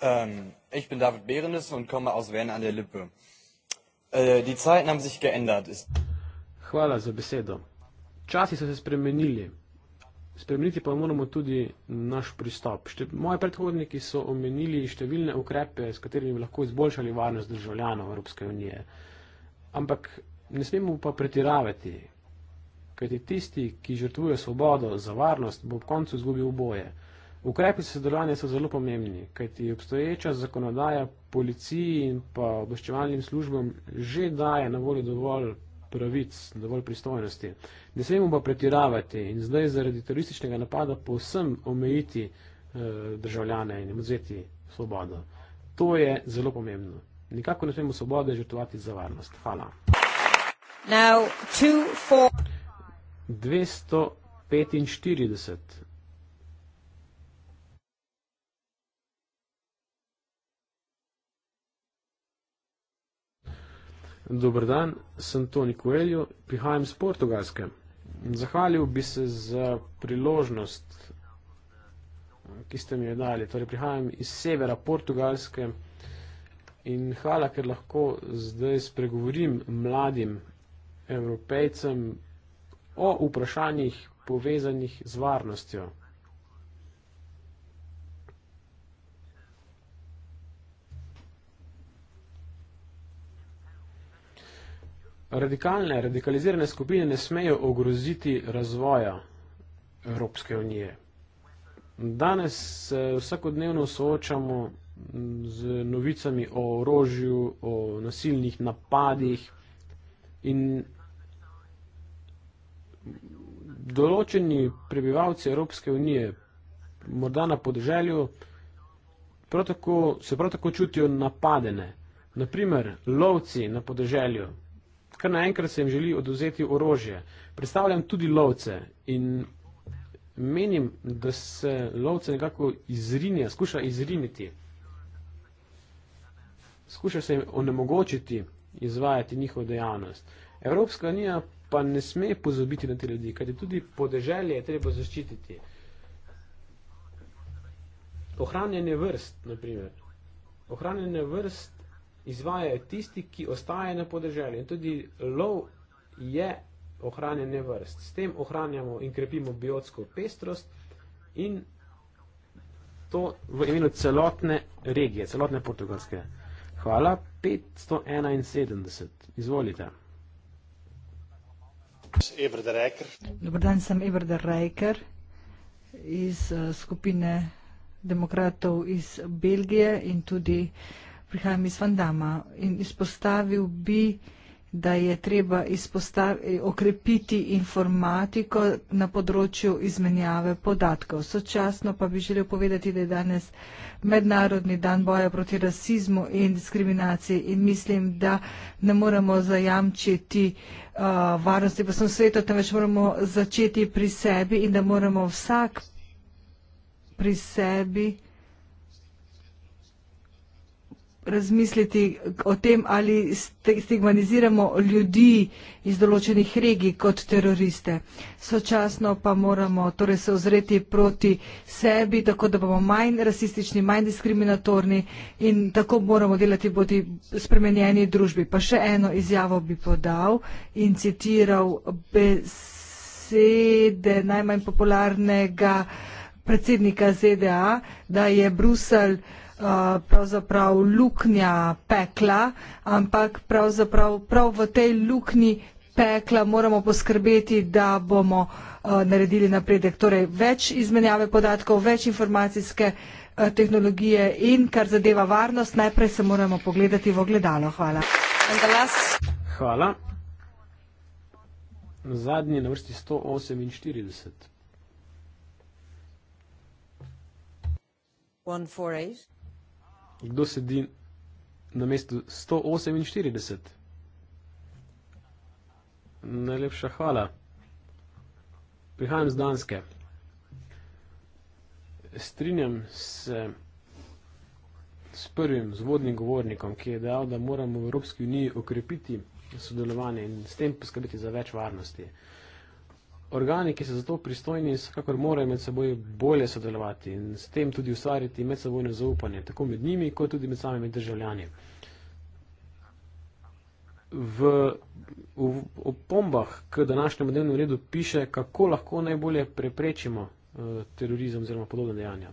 Um, ich bin David Berendes und komme aus Wern an der Lippe. Uh, die Zeiten haben sich geändert. Hvala za besedo. Časi so se spremenili, spremeniti pa moramo tudi naš pristop. Šte, moji predhodniki so omenili številne ukrepe, s katerimi bi lahko izboljšali varnost državljanov Evropske unije. Ampak ne smemo pa pretiravati, kajti tisti, ki žrtvuje svobodo za varnost, bo ob koncu izgubil oboje. Ukrepi za sodelovanje so zelo pomembni, kajti obstoječa zakonodaja policiji in pa obveščevalnim službam že daje na voljo dovolj pravic, dovolj pristojnosti. Ne smemo pa pretiravati in zdaj zaradi terorističnega napada povsem omejiti eh, državljane in jim vzeti svobodo. To je zelo pomembno. Nikako ne smemo svobode žrtvovati za varnost. Hvala. Now, two, 245. Dobr dan, sem Toni Coelho, prihajam iz Portugalske. Zahvalil bi se za priložnost, ki ste mi jo dali. Torej, prihajam iz severa Portugalske in hvala, ker lahko zdaj spregovorim mladim evropejcem o vprašanjih povezanih z varnostjo. radikalne, radikalizirane skupine ne smejo ogroziti razvoja Evropske unije. Danes se vsakodnevno soočamo z novicami o orožju, o nasilnih napadih in določeni prebivalci Evropske unije, morda na podeželju, prav tako, se prav tako čutijo napadene. Naprimer, lovci na podeželju, kar naenkrat se jim želi oduzeti orožje. Predstavljam tudi lovce in menim, da se lovce nekako izrinja, skuša izriniti. Skuša se jim onemogočiti izvajati njihovo dejavnost. Evropska unija pa ne sme pozabiti na te ljudi, kajti tudi podeželje je treba zaščititi. Ohranjanje vrst, naprimer. Ohranjanje vrst izvajajo tisti, ki ostajajo na podeželju. In tudi lov je ohranjanje vrst. S tem ohranjamo in krepimo biotsko pestrost in to v imenu celotne regije, celotne portugalske. Hvala. 571. Izvolite. Dobro dan, sem Everda Rejker iz eh, skupine demokratov iz Belgije in tudi uh, prihajam iz Vandama in izpostavil bi, da je treba okrepiti informatiko na področju izmenjave podatkov. Sočasno pa bi želel povedati, da je danes mednarodni dan boja proti rasizmu in diskriminaciji in mislim, da ne moramo zajamčiti uh, varnosti po vsem svetu, temveč moramo začeti pri sebi in da moramo vsak pri sebi razmisliti o tem, ali stigmatiziramo ljudi iz določenih regij kot teroriste. Sočasno pa moramo torej se ozreti proti sebi, tako da bomo manj rasistični, manj diskriminatorni in tako moramo delati proti spremenjeni družbi. Pa še eno izjavo bi podal in citiral besede najmanj popularnega predsednika ZDA, da je Bruselj pravzaprav luknja pekla, ampak pravzaprav prav v tej luknji pekla moramo poskrbeti, da bomo eh, naredili napredek. Torej več izmenjave podatkov, več informacijske eh, tehnologije in kar zadeva varnost, najprej se moramo pogledati v ogledalo. Hvala. Hvala. Zadnji na vrsti 148. 148 kdo sedi na mestu 148. Najlepša hvala. Prihajam z Danske. Strinjam se s prvim zvodnim govornikom, ki je dejal, da moramo v Evropski uniji okrepiti sodelovanje in s tem poskrbeti za več varnosti organi, ki so za to pristojni, vsekakor morajo med seboj bolje sodelovati in s tem tudi ustvariti medsebojno zaupanje, tako med njimi, kot tudi med samimi državljani. V, v opombah k današnjemu dnevnemu redu piše, kako lahko najbolje preprečimo uh, terorizem oziroma podobne dejanja.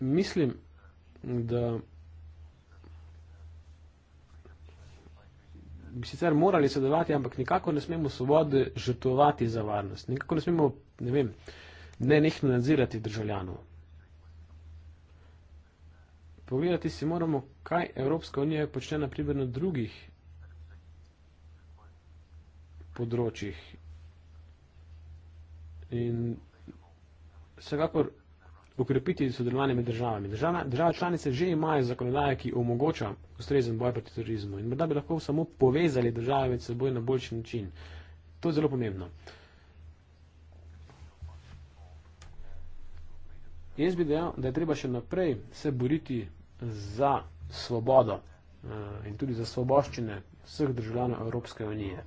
Mislim, da bi sicer morali sodelovati, ampak nikako ne smemo svobode žrtovati za varnost. Nikako ne smemo, ne vem, ne nehno nadzirati državljanov. Pogledati si moramo, kaj Evropska unija počne naprimer na drugih področjih. In vsekakor okrepiti sodelovanje med državami. Država, države članice že imajo zakonodaje, ki omogoča ustrezen boj proti terorizmu in morda bi lahko samo povezali države med seboj na boljši način. To je zelo pomembno. Jaz bi dejal, da je treba še naprej se boriti za svobodo eh, in tudi za svoboščine vseh državljanov Evropske unije.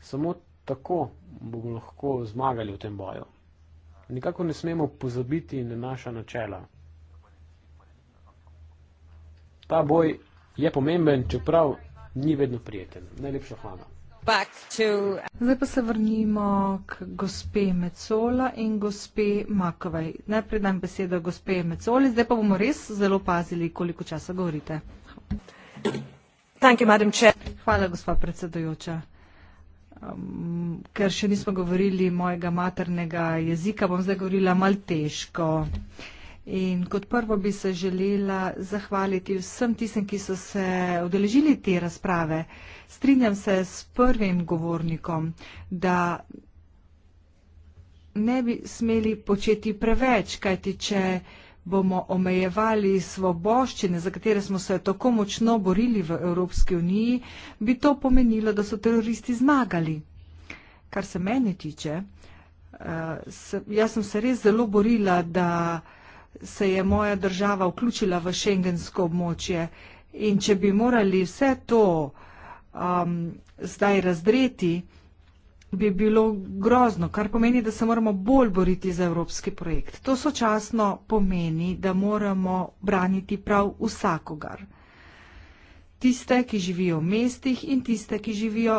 Samo tako bomo lahko zmagali v tem boju nikako ne smemo pozabiti na naša načela. Ta boj je pomemben, čeprav ni vedno prijeten. Najlepša hvala. Zdaj pa se vrnimo k gospe Mecola in gospe Makovej. Najprej dam besedo gospe Mecoli, zdaj pa bomo res zelo pazili, koliko časa govorite. Hvala, gospa predsedojoča. Um, ker še nismo govorili mojega maternega jezika, bom zdaj govorila mal težko. In kot prvo bi se želela zahvaliti vsem tistem, ki so se odeležili te razprave. Strinjam se s prvim govornikom, da ne bi smeli početi preveč, kajti če bomo omejevali svoboščine, za katere smo se tako močno borili v Evropski uniji, bi to pomenilo, da so teroristi zmagali. Kar se mene tiče, eh, jaz sem se res zelo borila, da se je moja država vključila v šengensko območje in če bi morali vse to um, zdaj razdreti, bi bilo grozno, kar pomeni, da se moramo bolj boriti za evropski projekt. To sočasno pomeni, da moramo braniti prav vsakogar. Tiste, ki živijo v mestih in tiste, ki živijo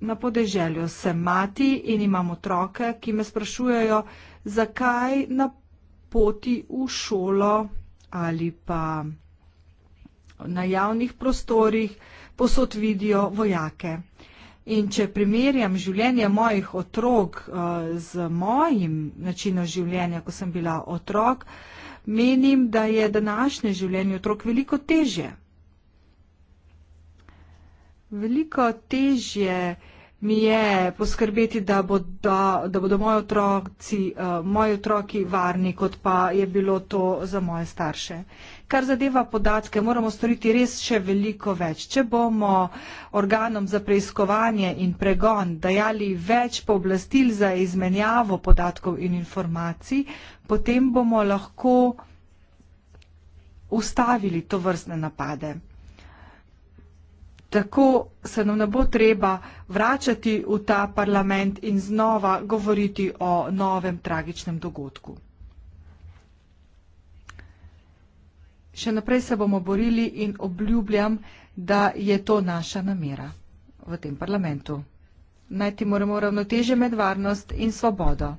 na podeželju. Sem mati in imam otroke, ki me sprašujejo, zakaj na poti v šolo ali pa na javnih prostorih posod vidijo vojake. In če primerjam življenje mojih otrok uh, z mojim načinom življenja, ko sem bila otrok, menim, da je današnje življenje otrok veliko težje. Veliko težje mi je poskrbeti, da, bo, da, da bodo moji otroci, uh, moji otroki varni, kot pa je bilo to za moje starše. Kar zadeva podatke, moramo storiti res še veliko več. Če bomo organom za preiskovanje in pregon dajali več pooblastil za izmenjavo podatkov in informacij, potem bomo lahko ustavili to vrstne napade tako se nam ne bo treba vračati v ta parlament in znova govoriti o novem tragičnem dogodku. Še naprej se bomo borili in obljubljam, da je to naša namera v tem parlamentu. Najti moramo ravnoteže med varnost in svobodo.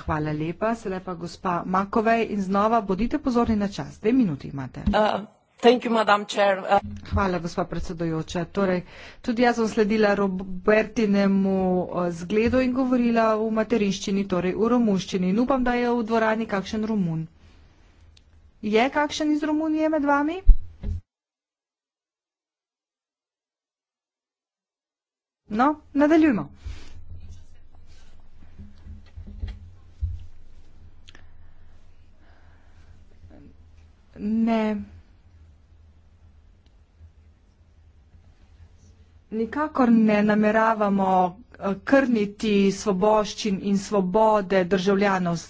Hvala lepa, sedaj pa gospa Makovej in znova bodite pozorni na čas. Dve minuti imate. Uh. Uh, Hvala, gospa predsedojoča. Torej, tudi jaz bom sledila Robertinemu uh, zgledu in govorila v materiščini, torej v romuščini. In upam, da je v dvorani kakšen Romun. Je kakšen iz Romunije med vami? No, nadaljujmo. Ne. Ne. Nikakor ne nameravamo eh, krniti svoboščin in svobode državljanov.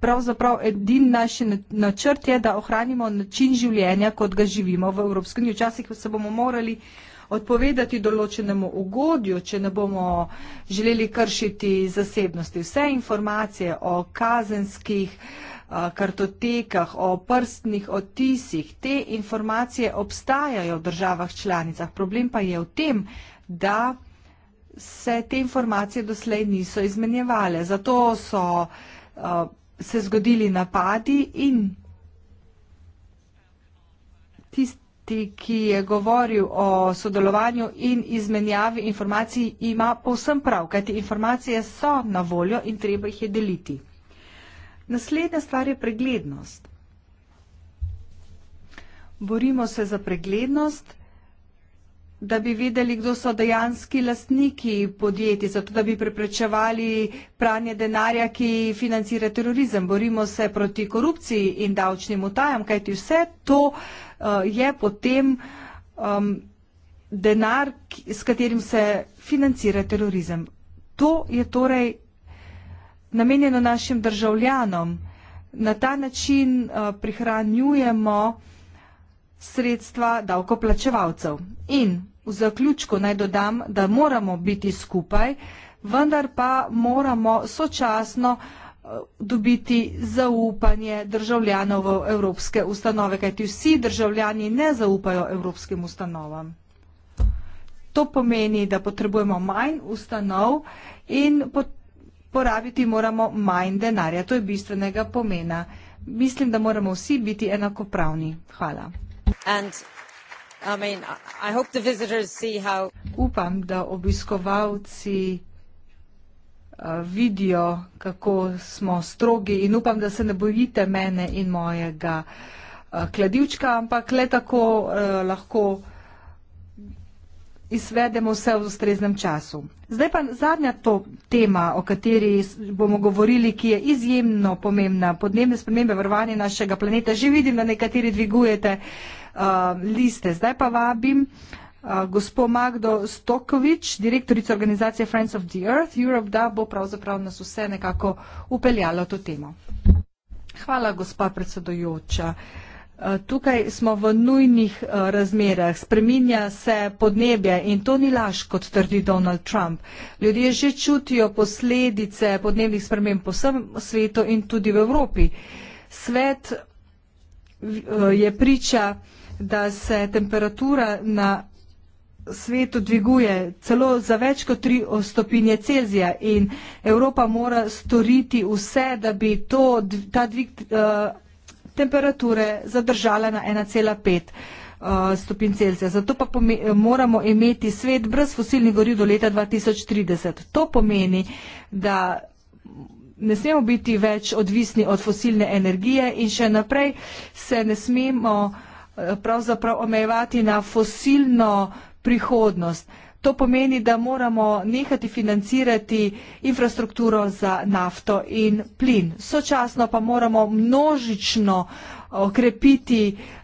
Pravzaprav edin naš načrt je, da ohranimo način življenja, kot ga živimo v Evropski uniji. Včasih se bomo morali odpovedati določenemu ugodju, če ne bomo želeli kršiti zasebnosti. Vse informacije o kazenskih uh, Eh, kartotekah, o prstnih otisih. Te informacije obstajajo v državah članicah. Problem pa je v tem, da se te informacije doslej niso izmenjevale. Zato so uh, se zgodili napadi in tisti, ki je govoril o sodelovanju in izmenjavi informacij, ima povsem prav, kajti informacije so na voljo in treba jih je deliti. Naslednja stvar je preglednost. Borimo se za preglednost, da bi vedeli, kdo so dejanski lastniki podjetij, zato da bi preprečevali pranje denarja, ki financira terorizem. Borimo se proti korupciji in davčnim utajam, kajti vse to uh, je potem um, denar, ki, s katerim se financira terorizem. To je torej namenjeno našim državljanom. Na ta način eh, prihranjujemo sredstva davkoplačevalcev. In v zaključku naj dodam, da moramo biti skupaj, vendar pa moramo sočasno eh, dobiti zaupanje državljanov v evropske ustanove, kajti vsi državljani ne zaupajo evropskim ustanovam. To pomeni, da potrebujemo manj ustanov in potrebujemo porabiti moramo manj denarja. To je bistvenega pomena. Mislim, da moramo vsi biti enakopravni. Hvala. And I mean, I hope the visitors see how... Upam, da obiskovalci eh, vidijo, kako smo strogi in upam, da se ne bojite mene in mojega eh, kladivčka, ampak le tako eh, lahko izvedemo vse v ustreznem času. Zdaj pa zadnja to tema, o kateri bomo govorili, ki je izjemno pomembna, podnebne spremembe, varovanje našega planeta. Že vidim, da nekateri dvigujete uh, liste. Zdaj pa vabim uh, gospod Magdo Stokovič, direktorica organizacije Friends of the Earth, Europe, da bo pravzaprav nas vse nekako upeljala to temo. Hvala, gospa predsedojoča. Uh, Eh, tukaj smo v nujnih eh, razmerah, spreminja se podnebje in to ni laž, kot trdi Donald Trump. Ljudje že čutijo posledice podnebnih sprememb po vsem svetu in tudi v Evropi. Svet eh, je priča, da se temperatura na svetu dviguje celo za več kot tri stopinje Celzija in Evropa mora storiti vse, da bi to, ta dvig. Uh, temperature zadržala na 1,5 eh, stopinj Celzija. Zato pa eh, moramo imeti svet brez fosilnih goriv do leta 2030. To pomeni, da ne smemo biti več odvisni od fosilne energije in še naprej se ne smemo eh, pravzaprav omejevati na fosilno prihodnost. To pomeni, da moramo nehati financirati infrastrukturo za nafto in plin. Sočasno pa moramo množično okrepiti uh,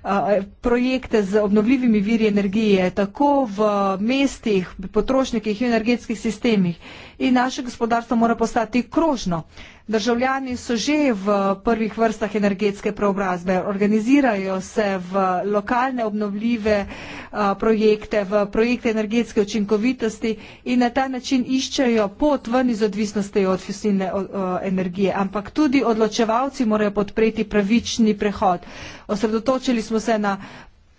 projekte z obnovljivimi viri energije, tako v mestih, potrošnikih in energetskih sistemih. In naše gospodarstvo mora postati krožno. Državljani so že v prvih vrstah energetske preobrazbe, organizirajo se v lokalne obnovljive projekte, v projekte energetske učinkovitosti in na ta način iščejo pot ven iz odvisnosti od fosilne energije. Ampak tudi odločevalci morajo podpreti pravični prehod. Osredotočili smo se na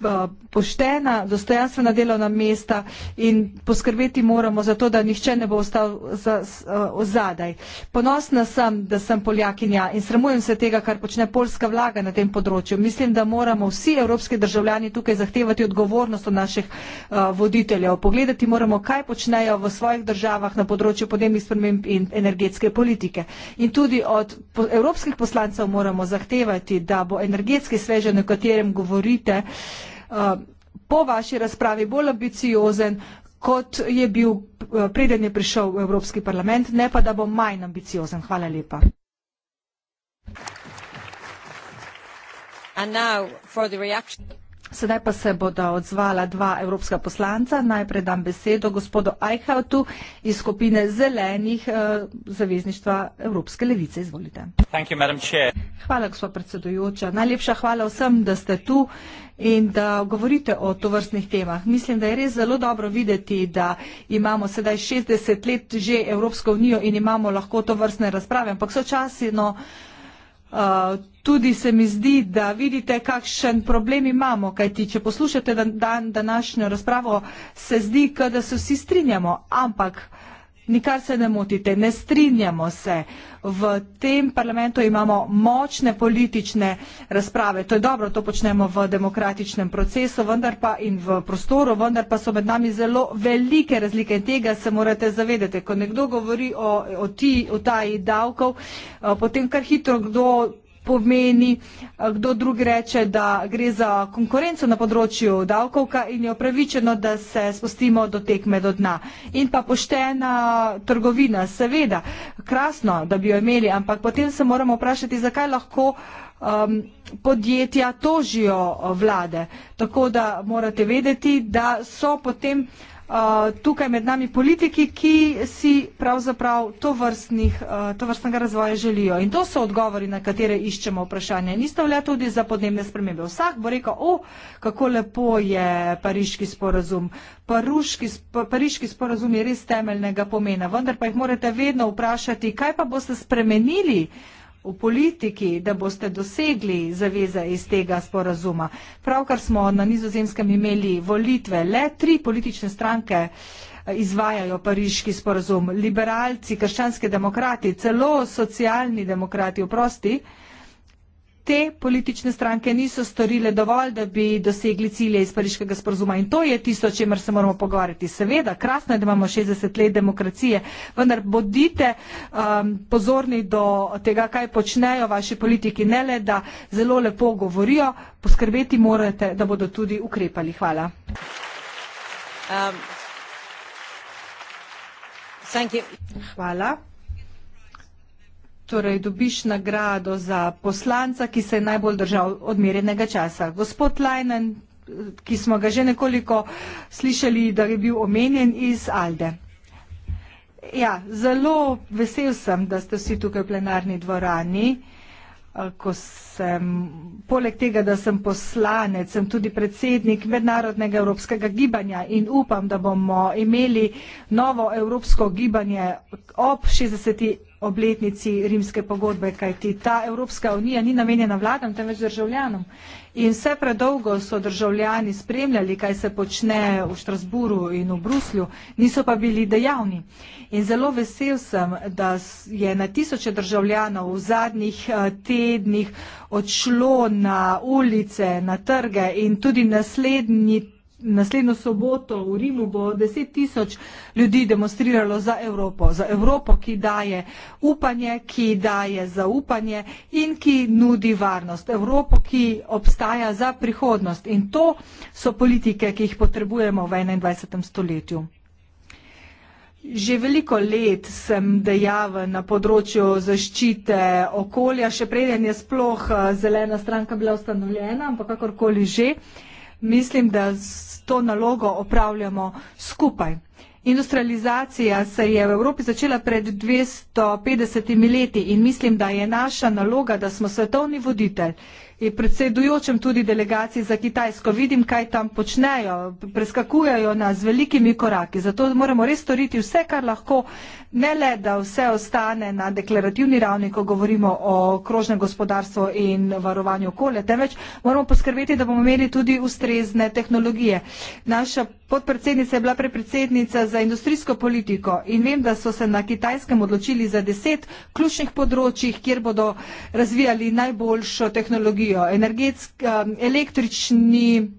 Eh, poštena, dostojanstvena delovna mesta in poskrbeti moramo za to, da nihče ne bo ostal za, uh, ozadaj. Ponosna sem, da sem poljakinja in sramujem se tega, kar počne polska vlaga na tem področju. Mislim, da moramo vsi evropski državljani tukaj zahtevati odgovornost od naših uh, voditeljev. Pogledati moramo, kaj počnejo v svojih državah na področju podnebnih sprememb in energetske politike. In tudi od po evropskih poslancev moramo zahtevati, da bo energetski svež, o katerem govorite, po vaši razpravi bolj ambiciozen, kot je bil eh, preden je prišel v Evropski parlament, ne pa da bo manj ambiciozen. Hvala lepa. And now for the reaction. Sedaj pa se bodo odzvala dva evropska poslanca. Najprej dam besedo gospodu Eichautu iz skupine zelenih eh, zavezništva Evropske levice. Izvolite. You, hvala, gospod predsedujoča. Najlepša hvala vsem, da ste tu in da govorite o tovrstnih temah. Mislim, da je res zelo dobro videti, da imamo sedaj 60 let že Evropsko unijo in imamo lahko tovrstne razprave, ampak sočasno. Uh, tudi se mi zdi, da vidite, kakšen problem imamo, kajti če poslušate dan, dan, današnjo razpravo, se zdi, da se vsi strinjamo, ampak uh, Nikar se ne motite, ne strinjamo se. V tem parlamentu imamo močne politične razprave. To je dobro, to počnemo v demokratičnem procesu vendar pa in v prostoru, vendar pa so med nami zelo velike razlike in tega se morate zavedati. Ko nekdo govori o, o, ti, o taji davkov, eh, potem kar hitro kdo pomeni, kdo drug reče, da gre za konkurenco na področju davkov in je upravičeno, da se spustimo do tekme do dna. In pa poštena trgovina, seveda, krasno, da bi jo imeli, ampak potem se moramo vprašati, zakaj lahko um, podjetja tožijo uh, vlade. Tako da morate vedeti, da so potem. Uh, Eh, tukaj med nami politiki, ki si pravzaprav to, vrstnih, eh, to vrstnega razvoja želijo. In to so odgovori, na katere iščemo vprašanje. Niste vle tudi za podnebne spremembe. Vsak bo rekel, o, kako lepo je pariški sporazum. Paruški, pa, pariški sporazum je res temeljnega pomena, vendar pa jih morate vedno vprašati, kaj pa boste spremenili v politiki, da boste dosegli zaveze iz tega sporazuma. Pravkar smo na nizozemskem imeli volitve, le tri politične stranke eh, izvajajo pariški sporazum. Liberalci, krščanski demokrati, celo socialni demokrati, oprosti, uh, te politične stranke niso storile dovolj, da bi dosegli cilje iz pariškega sporozuma. In to je tisto, o čemer se moramo pogovarjati. Seveda, krasno je, da imamo 60 let demokracije, vendar bodite um, pozorni do tega, kaj počnejo vaši politiki. Ne le, da zelo lepo govorijo, poskrbeti morate, da bodo tudi ukrepali. Hvala. Um, Hvala. Torej, dobiš nagrado za poslanca, ki se je najbolj držal odmerjenega časa. Gospod Lajnen, ki smo ga že nekoliko slišali, da je bil omenjen iz Alde. Ja, zelo vesel sem, da ste vsi tukaj v plenarni dvorani. Sem, poleg tega, da sem poslanec, sem tudi predsednik mednarodnega evropskega gibanja in upam, da bomo imeli novo evropsko gibanje ob 60 obletnici rimske pogodbe, kajti ta Evropska unija ni namenjena vladam, temveč državljanom. In vse predolgo so državljani spremljali, kaj se počne v Štrasburu in v Bruslju, niso pa bili dejavni. In zelo vesel sem, da je na tisoče državljanov v zadnjih eh, tednih odšlo na ulice, na trge in tudi naslednji naslednjo soboto v Rimu bo deset tisoč ljudi demonstriralo za Evropo, za Evropo, ki daje upanje, ki daje zaupanje in ki nudi varnost, Evropo, ki obstaja za prihodnost. In to so politike, ki jih potrebujemo v 21. stoletju. Že veliko let sem dejaven na področju zaščite okolja, še preden je sploh eh, zelena stranka bila ustanovljena, ampak kakorkoli že. Uh, mislim, da s to nalogo opravljamo skupaj. Industrializacija se je v Evropi začela pred 250 leti in mislim, da je naša naloga, da smo svetovni voditelj, in predsedujočem tudi delegaciji za Kitajsko. Vidim, kaj tam počnejo, preskakujajo nas z velikimi koraki. Zato moramo res storiti vse, kar lahko, ne le, da vse ostane na deklarativni ravni, ko govorimo o krožnem gospodarstvu in varovanju okolja, temveč moramo poskrbeti, da bomo imeli tudi ustrezne tehnologije. Naša podpredsednica je bila predsednica za industrijsko politiko in vem, da so se na Kitajskem odločili za deset ključnih področjih, kjer bodo razvijali najboljšo tehnologijo tehnologijo, um, električni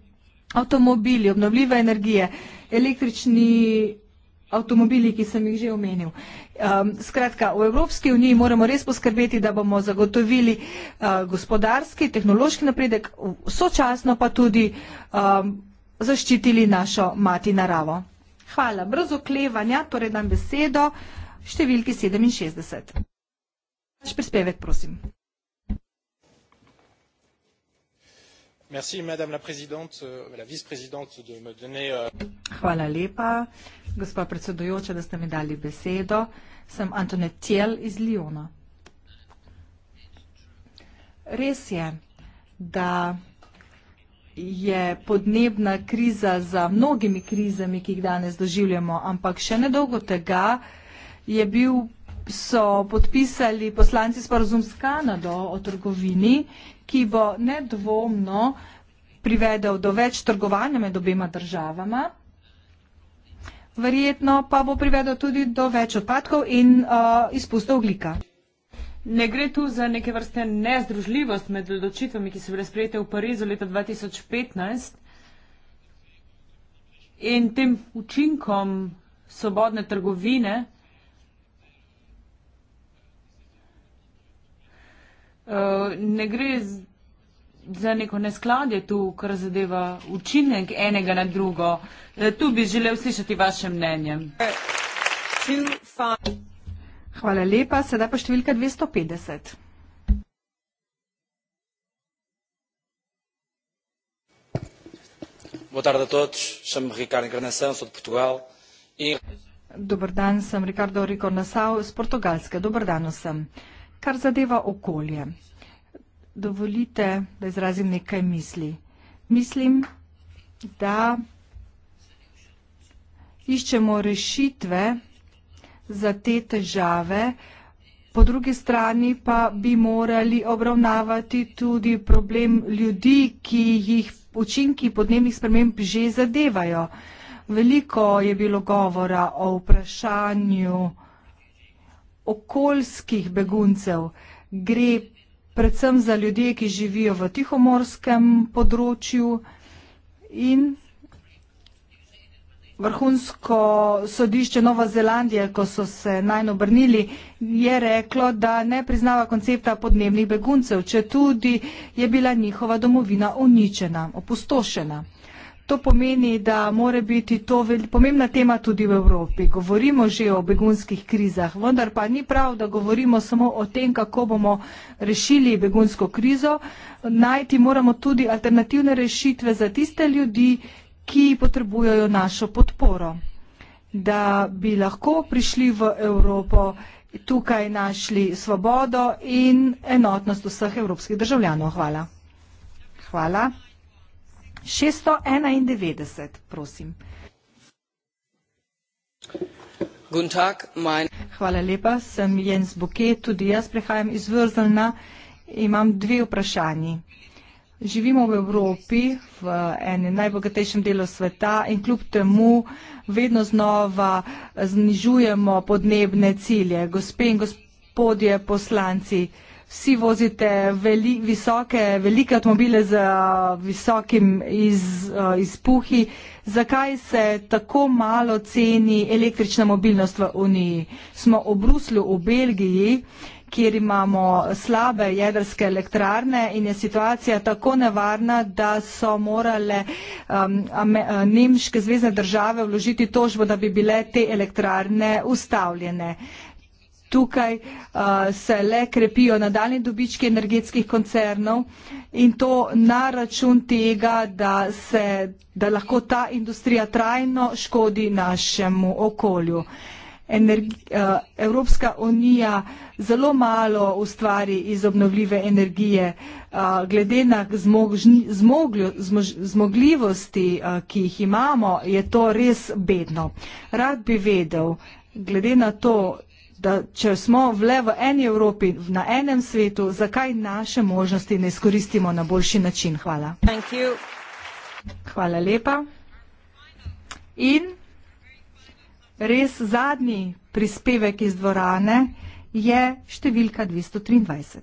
avtomobili, obnovljive energije, električni avtomobili, ki sem jih že omenil. Um, skratka, v Evropski uniji moramo res poskrbeti, da bomo zagotovili uh, gospodarski, tehnološki napredek, sočasno pa tudi um, zaščitili našo mati naravo. Hvala. Brzo klevanja, torej dam besedo številki 67. Naš prispevek, prosim. madame la présidente euh, la vice présidente de me donner euh, Hvala lepa, gospa predsedujoča, da ste mi dali besedo. Sem Antonet Tiel iz Lijona. Res je, da je podnebna kriza za mnogimi krizami, ki jih danes doživljamo, ampak še nedolgo tega je bil so podpisali poslanci sporozum s Kanado o trgovini, ki bo nedvomno privedel do več trgovanja med obema državama. Verjetno pa bo privedel tudi do več odpadkov in uh, izpustov oglika. Ne gre tu za neke vrste nezdružljivost med odločitvami, ki so bile sprejete v Parizu leta 2015 in tem učinkom svobodne trgovine, ne gre za neko neskladje tu, kar zadeva učinek enega na drugo. E, tu bi želel slišati vaše mnenje. Hvala lepa, sedaj pa številka 250. E- Dobar dan, sem Ricardo Rico Nassau iz Portugalske. Dobar dan vsem kar zadeva okolje. Dovolite, da izrazim nekaj misli. Mislim, da iščemo rešitve za te težave, po drugi strani pa bi morali obravnavati tudi problem ljudi, ki jih učinki podnebnih sprememb že zadevajo. Veliko je bilo govora o vprašanju, okoljskih beguncev, gre predvsem za ljudje, ki živijo v tihomorskem področju in Vrhunsko sodišče Nova Zelandija, ko so se naj obrnili, je reklo, da ne priznava koncepta podnebnih beguncev, če tudi je bila njihova domovina uničena, opustošena. To pomeni, da mora biti to pomembna tema tudi v Evropi. Govorimo že o begunskih krizah, vendar pa ni prav, da govorimo samo o tem, kako bomo rešili begunsko krizo. Najti moramo tudi alternativne rešitve za tiste ljudi, ki potrebujejo našo podporo, da bi lahko prišli v Evropo tukaj našli svobodo in enotnost vseh evropskih državljanov. Hvala. Hvala. 691, prosim. Tag, mein... Hvala lepa, sem Jens Buket, tudi jaz prehajam iz Vrzelna. Imam dve vprašanji. Živimo v Evropi, v enem najbogatejšem delu sveta in kljub temu vedno znova znižujemo podnebne cilje. Gospe in gospodje poslanci, vsi vozite veli, visoke, velike avtomobile z uh, visokim iz, uh, izpuhi. Zakaj se tako malo ceni električna mobilnost v Uniji? Smo v Bruslju, v Belgiji, kjer imamo slabe jedrske elektrarne in je situacija tako nevarna, da so morale um, uh, nemške zvezne države vložiti tožbo, da bi bile te elektrarne ustavljene. Uh, tukaj uh, se le krepijo nadaljni dobički energetskih koncernov in to na račun tega, da, se, da lahko ta industrija trajno škodi našemu okolju. Energi, uh, Evropska unija zelo malo ustvari iz obnovljive energije, uh, glede na zmogžni, zmoglj, zmož, zmogljivosti, uh, ki jih imamo, je to res bedno. Rad bi vedel, glede na to, da če smo vle v eni Evropi, na enem svetu, zakaj naše možnosti ne izkoristimo na boljši način. Hvala. Hvala lepa. In res zadnji prispevek iz dvorane je številka 223.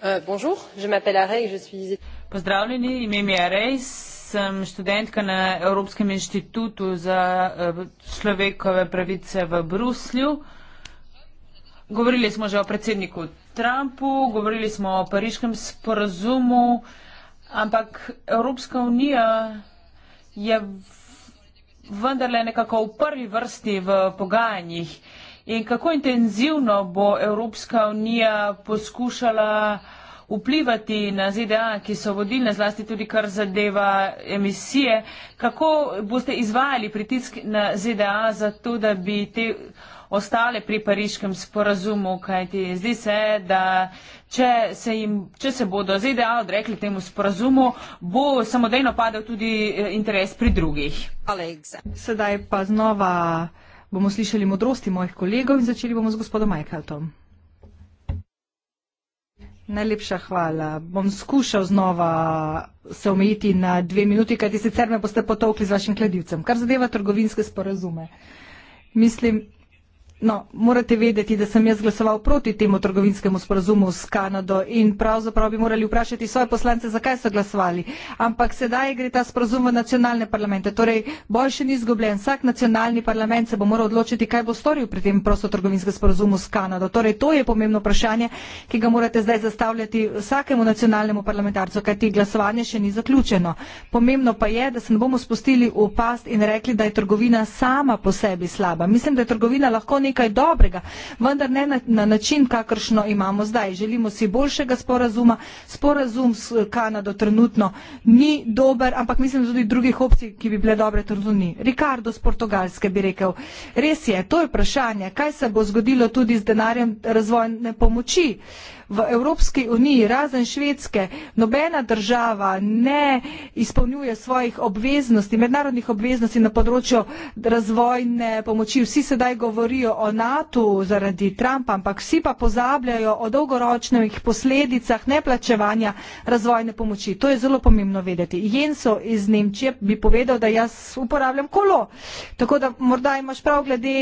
Uh, Pozdravljeni, ime mi je Rejs, sem študentka na Evropskem inštitutu za eh, človekove pravice v Bruslju. Govorili smo že o predsedniku Trumpu, govorili smo o pariškem sporazumu, ampak Evropska unija je vendarle nekako v prvi vrsti v pogajanjih. In kako intenzivno bo Evropska unija poskušala vplivati na ZDA, ki so vodilne zlasti tudi kar zadeva emisije. Kako boste izvajali pritisk na ZDA za to, da bi te ostale pri pariškem sporazumu, kajti zdi se, da če se, jim, če se bodo ZDA odrekli temu sporazumu, bo samodejno padel tudi eh, interes pri drugih. Alexa. Sedaj pa znova bomo slišali modrosti mojih kolegov in začeli bomo z gospodom Michaeltom. Najlepša hvala. Bom skušal znova se omejiti na dve minuti, kajti sicer me boste potovkli z vašim kladivcem. Kar zadeva trgovinske sporazume. Mislim, No, morate vedeti, da sem jaz glasoval proti temu trgovinskemu sporazumu s Kanado in pravzaprav bi morali vprašati svoje poslance, zakaj so glasovali. Ampak sedaj gre ta sporazum v nacionalne parlamente. Torej, bolj še ni izgubljen. Vsak nacionalni parlament se bo moral odločiti, kaj bo storil pri tem prostotrgovinskem sporazumu s Kanado. Torej, to je pomembno vprašanje, ki ga morate zdaj zastavljati vsakemu nacionalnemu parlamentarcu, kajti glasovanje še ni zaključeno. Pomembno pa je, da se ne bomo spustili v past in rekli, da je trgovina sama po sebi slaba. Mislim, da je trgovina lahko nekaj nekaj dobrega, vendar ne na, na način, kakršno imamo zdaj. Želimo si boljšega sporazuma. Sporazum s Kanado trenutno ni dober, ampak mislim, da tudi drugih opcij, ki bi bile dobre, trenutno ni. Ricardo z Portugalske bi rekel, res je, to je vprašanje, kaj se bo zgodilo tudi z denarjem razvojne pomoči. Uh, v Evropski uniji, razen Švedske, nobena država ne izpolnjuje svojih obveznosti, mednarodnih obveznosti na področju razvojne pomoči. Vsi sedaj govorijo o NATO zaradi Trumpa, ampak vsi pa pozabljajo o dolgoročnih posledicah neplačevanja razvojne pomoči. To je zelo pomembno vedeti. Jenso iz Nemčije bi povedal, da jaz uporabljam kolo. Tako da morda imaš prav glede.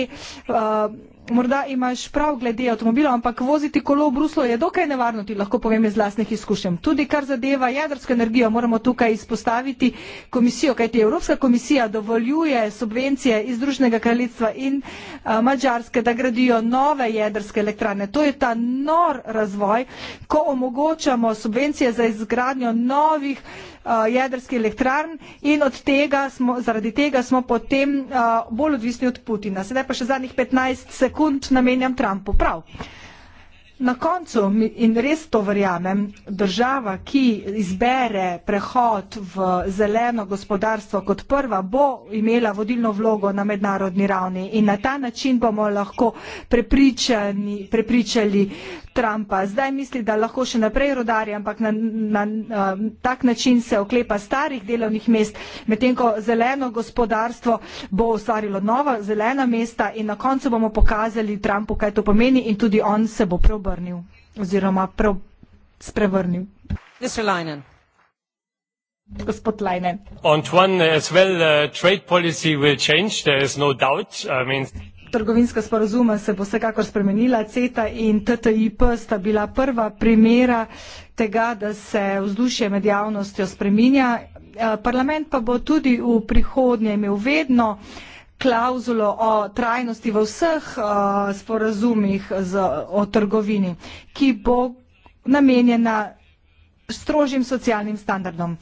Uh, morda imaš prav glede avtomobila, ampak voziti kolo v Bruslo je dokaj nevarno, ti lahko povem iz vlastnih izkušenj. Tudi kar zadeva jedrsko energijo, moramo tukaj izpostaviti komisijo, kajti Evropska komisija dovoljuje subvencije iz Združnega kraljestva in a, Mačarske, da gradijo nove jedrske elektrane. To je ta nor razvoj, ko omogočamo subvencije za izgradnjo novih Eh, jedrskih elektrarn in tega smo, zaradi tega smo potem uh, bolj odvisni od Putina. Sedaj pa še zadnjih 15 sekund namenjam Trumpu. Prav. Na koncu in res to verjamem, država, ki izbere prehod v zeleno gospodarstvo kot prva, bo imela vodilno vlogo na mednarodni ravni in na ta način bomo lahko prepričali Trumpa. Zdaj misli, da lahko še naprej rodari, ampak na, na, na tak način se oklepa starih delovnih mest, medtem ko zeleno gospodarstvo bo ustvarilo nova zelena mesta in na koncu bomo pokazali Trumpu, kaj to pomeni in tudi on se bo preobrnil oziroma prav, sprevrnil. Antoine, as well, uh, trade policy will change, there is no doubt. I mean trgovinska sporozuma se bo vsekakor spremenila, CETA in TTIP sta bila prva primera tega, da se vzdušje med javnostjo spreminja. Eh, parlament pa bo tudi v prihodnje imel vedno klauzulo o trajnosti v vseh eh, sporazumih o trgovini, ki bo namenjena strožjim socialnim standardom.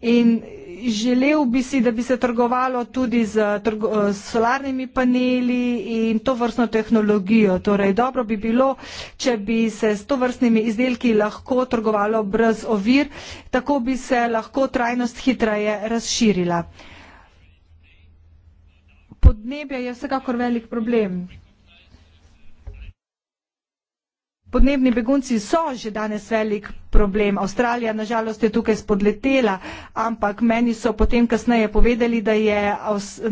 In želel bi si, da bi se trgovalo tudi z, trgo, z solarnimi paneli in to vrstno tehnologijo. Torej, dobro bi bilo, če bi se s to vrstnimi izdelki lahko trgovalo brez ovir, tako bi se lahko trajnost hitreje razširila. Podnebje je vsekakor velik problem. podnebni begunci so že danes velik problem. Avstralija nažalost je tukaj spodletela, ampak meni so potem kasneje povedali, da je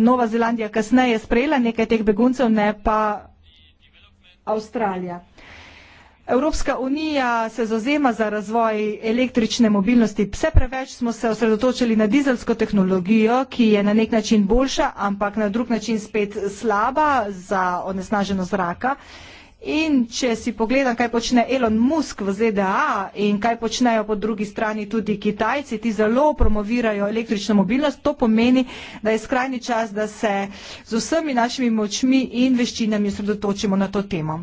Nova Zelandija kasneje sprejela nekaj teh beguncev, ne pa Avstralija. Evropska unija se zazema za razvoj električne mobilnosti. Vse preveč smo se osredotočili na dizelsko tehnologijo, ki je na nek način boljša, ampak na drug način spet slaba za onesnaženo zraka. Uh, In če si pogledam, kaj počne Elon Musk v ZDA in kaj počnejo po drugi strani tudi Kitajci, ti zelo promovirajo električno mobilnost, to pomeni, da je skrajni čas, da se z vsemi našimi močmi in veščinami osredotočimo na to temo.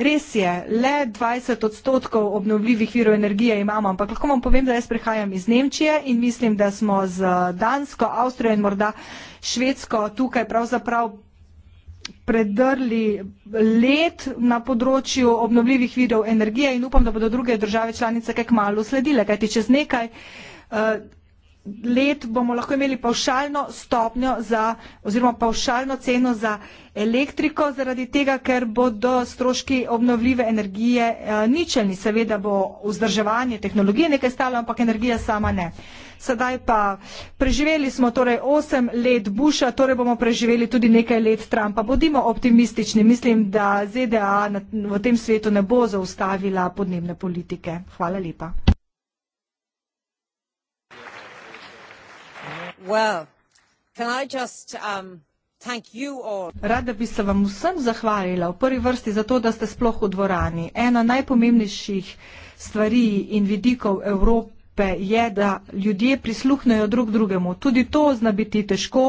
Res je, le 20 odstotkov obnovljivih virov energije imamo, ampak lahko vam povem, da jaz prihajam iz Nemčije in mislim, da smo z Dansko, Avstrijo in morda Švedsko tukaj pravzaprav predrli let na področju obnovljivih virov energije in upam, da bodo druge države članice kaj kmalo sledile, kajti čez nekaj eh, let bomo lahko imeli pavšalno stopnjo za, oziroma pavšalno ceno za elektriko, zaradi tega, ker bodo stroški obnovljive energije eh, ničelni. Seveda bo vzdrževanje tehnologije nekaj stalo, ampak energija sama ne. Sedaj pa preživeli smo torej 8 let Busha, torej bomo preživeli tudi nekaj let Trumpa. Bodimo optimistični, mislim, da ZDA v tem svetu ne bo zaustavila podnebne politike. Hvala lepa. Um, Rada bi se vam vsem zahvalila v prvi vrsti za to, da ste sploh v dvorani. Ena najpomembnejših stvari in vidikov Evrope je, da ljudje prisluhnejo drug drugemu. Tudi to zna biti težko.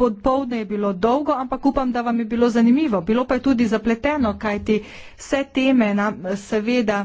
Podpovdne je bilo dolgo, ampak upam, da vam je bilo zanimivo. Bilo pa je tudi zapleteno, kajti vse teme nam seveda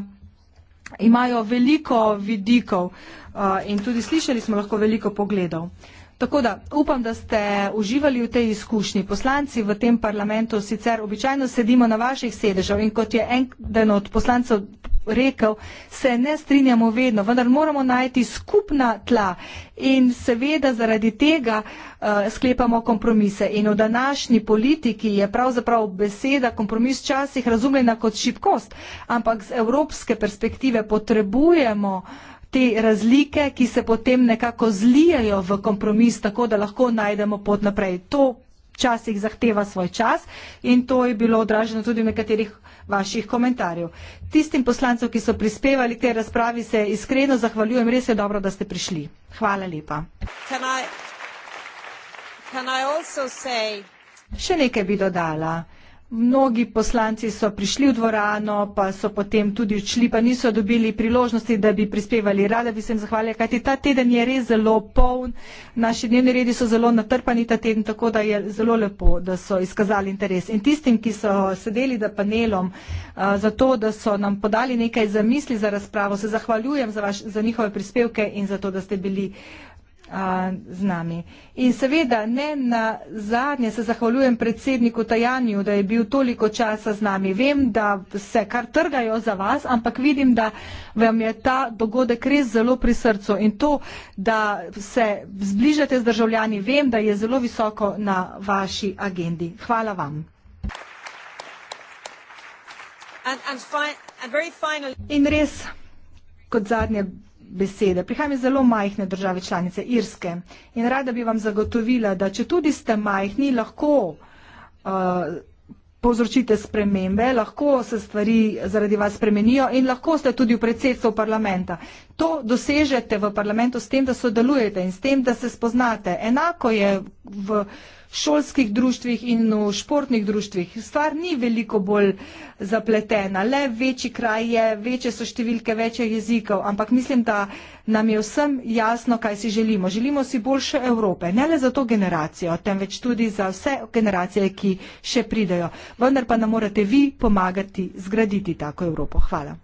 imajo veliko vidikov uh, in tudi slišali smo lahko veliko pogledov. Tako da upam, da ste uživali v tej izkušnji. Poslanci v tem parlamentu sicer običajno sedimo na vaših sedežev in kot je en od poslancev rekel, se ne strinjamo vedno, vendar moramo najti skupna tla in seveda zaradi tega uh, sklepamo kompromise. In v današnji politiki je pravzaprav beseda kompromis včasih razumljena kot šibkost, ampak z evropske perspektive potrebujemo uh, te razlike, ki se potem nekako zlijajo v kompromis, tako da lahko najdemo pot naprej. To včasih zahteva svoj čas in to je bilo odraženo tudi v nekaterih vaših komentarjev. Tistim poslancev, ki so prispevali k tej razpravi, se iskreno zahvaljujem. Res je dobro, da ste prišli. Hvala lepa. Can I, can I Še nekaj bi dodala. Mnogi poslanci so prišli v dvorano, pa so potem tudi odšli, pa niso dobili priložnosti, da bi prispevali. Rada bi se jim zahvalila, kajti ta teden je res zelo poln, naši dnevni redi so zelo natrpani ta teden, tako da je zelo lepo, da so izkazali interes. In tistim, ki so sedeli za panelom, eh, za to, da so nam podali nekaj zamisli za razpravo, se zahvaljujem za, vaš, za njihove prispevke in za to, da ste bili. Uh, a, z nami. In seveda ne na zadnje se zahvaljujem predsedniku Tajanju, da je bil toliko časa z nami. Vem, da se kar trgajo za vas, ampak vidim, da vam je ta dogodek res zelo pri srcu. In to, da se zbližate z državljani, vem, da je zelo visoko na vaši agendi. Hvala vam. In res, kot zadnje, besede. Prihajam iz zelo majhne države članice Irske in rada bi vam zagotovila, da če tudi ste majhni, lahko uh, povzročite spremembe, lahko se stvari zaradi vas spremenijo in lahko ste tudi v predsedstvu parlamenta. To dosežete v parlamentu s tem, da sodelujete in s tem, da se spoznate. Enako je v šolskih društvih in v športnih društvih. Stvar ni veliko bolj zapletena, le večji kraj je, večje so številke večjih jezikov, ampak mislim, da nam je vsem jasno, kaj si želimo. Želimo si boljše Evrope, ne le za to generacijo, temveč tudi za vse generacije, ki še pridajo. Vendar pa nam morate vi pomagati zgraditi tako Evropo. Hvala.